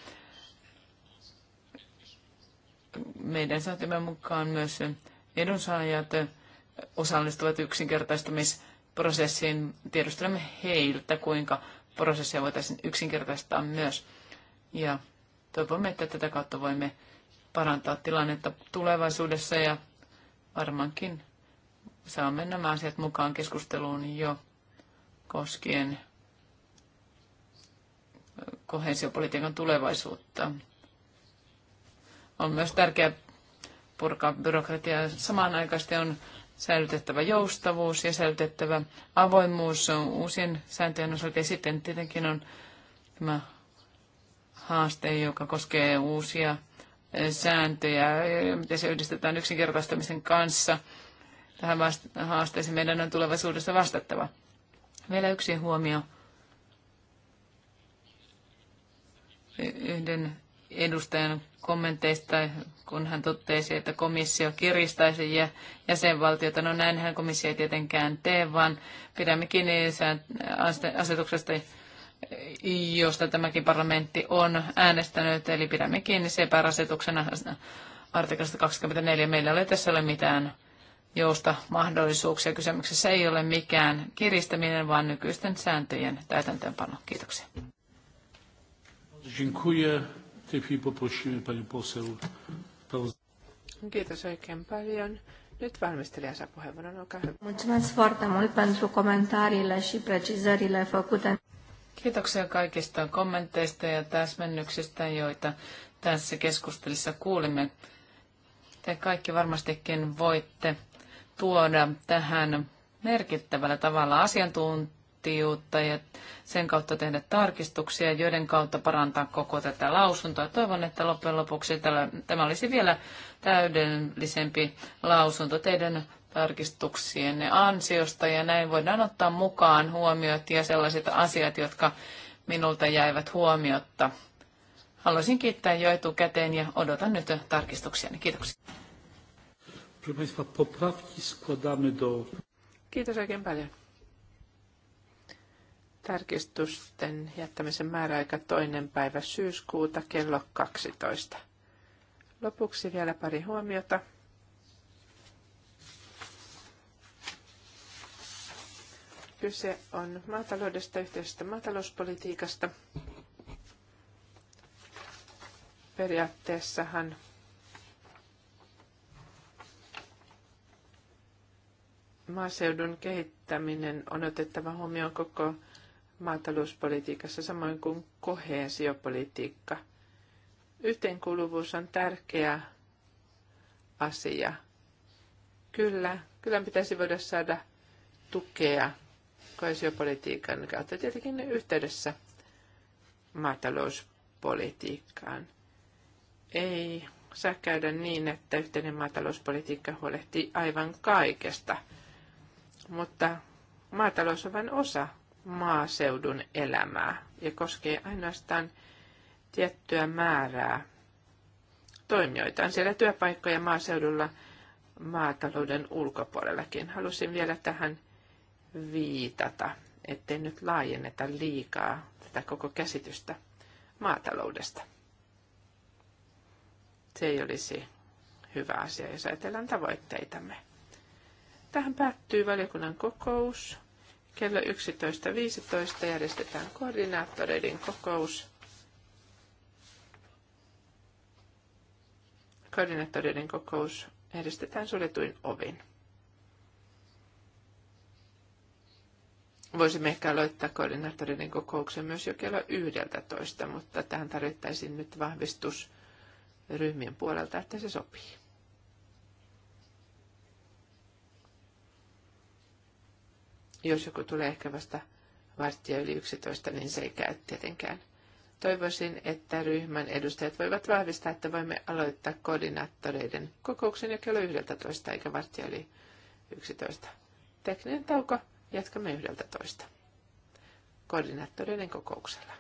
Meidän saatimme mukaan myös edunsaajat osallistuvat yksinkertaistamisprosessiin. Tiedustelemme heiltä, kuinka prosessia voitaisiin yksinkertaistaa myös. Ja toivomme, että tätä kautta voimme parantaa tilannetta tulevaisuudessa ja varmaankin saamme nämä asiat mukaan keskusteluun jo koskien kohesiopolitiikan tulevaisuutta. On myös tärkeää purkaa byrokratiaa. Samanaikaisesti on säilytettävä joustavuus ja säilytettävä avoimuus uusien sääntöjen osalta. Ja sitten tietenkin on tämä haaste, joka koskee uusia sääntöjä ja miten se yhdistetään yksinkertaistamisen kanssa. Tähän haasteeseen meidän on tulevaisuudessa vastattava. Vielä yksi huomio yhden edustajan kommenteista, kun hän totesi, että komissio kiristäisi ja jäsenvaltiota. No näinhän komissio ei tietenkään tee, vaan pidämme kiinni asetuksesta, josta tämäkin parlamentti on äänestänyt, eli pidämme kiinni CPR-asetuksena artiklasta 24. Meillä ei tässä ole mitään jousta mahdollisuuksia. Kysymyksessä ei ole mikään kiristäminen, vaan nykyisten sääntöjen täytäntöönpano. Kiitoksia. Dziękuję. W tej chwili poprosimy panią poseł. Kiitos oikein paljon. Nyt valmistelija saa puheenvuoron, olkaa hyvä. Mulțumesc foarte mult pentru comentariile și precizările făcute. Kiitoksia kaikista kommenteista ja täsmennyksistä, joita tässä keskustelussa kuulimme. Te kaikki varmastikin voitte tuoda tähän merkittävällä tavalla asiantuntijoita johtajuutta ja sen kautta tehdä tarkistuksia, joiden kautta parantaa koko tätä lausuntoa. Toivon, että loppujen lopuksi tämä olisi vielä täydellisempi lausunto teidän tarkistuksienne ansiosta ja näin voidaan ottaa mukaan huomiot ja sellaiset asiat, jotka minulta jäivät huomiotta. Haluaisin kiittää jo etukäteen ja odotan nyt tarkistuksia. Kiitoksia. Kiitos oikein paljon. Tarkistusten jättämisen määräaika toinen päivä syyskuuta kello 12. Lopuksi vielä pari huomiota. Kyse on maataloudesta, yhteisestä maatalouspolitiikasta. Periaatteessahan maaseudun kehittäminen on otettava huomioon koko maatalouspolitiikassa samoin kuin koheesiopolitiikka. Yhteenkuuluvuus on tärkeä asia. Kyllä, kyllä pitäisi voida saada tukea koheesiopolitiikan kautta tietenkin yhteydessä maatalouspolitiikkaan. Ei saa käydä niin, että yhteinen maatalouspolitiikka huolehtii aivan kaikesta, mutta maatalous on vain osa maaseudun elämää ja koskee ainoastaan tiettyä määrää toimijoita. On siellä työpaikkoja maaseudulla maatalouden ulkopuolellakin. Halusin vielä tähän viitata, ettei nyt laajenneta liikaa tätä koko käsitystä maataloudesta. Se ei olisi hyvä asia, jos ajatellaan tavoitteitamme. Tähän päättyy valiokunnan kokous. Kello 11.15 järjestetään koordinaattoreiden kokous. Koordinaattoreiden kokous järjestetään suljetuin ovin. Voisimme ehkä aloittaa koordinaattoreiden kokouksen myös jo kello 11, mutta tähän tarvittaisiin nyt vahvistus ryhmien puolelta, että se sopii. Jos joku tulee ehkä vasta varttia yli 11, niin se ei käy tietenkään. Toivoisin, että ryhmän edustajat voivat vahvistaa, että voimme aloittaa koordinaattoreiden kokouksen jo kello 11 eikä varttia yli 11. Tekninen tauko, jatkamme 11. Koordinaattoreiden kokouksella.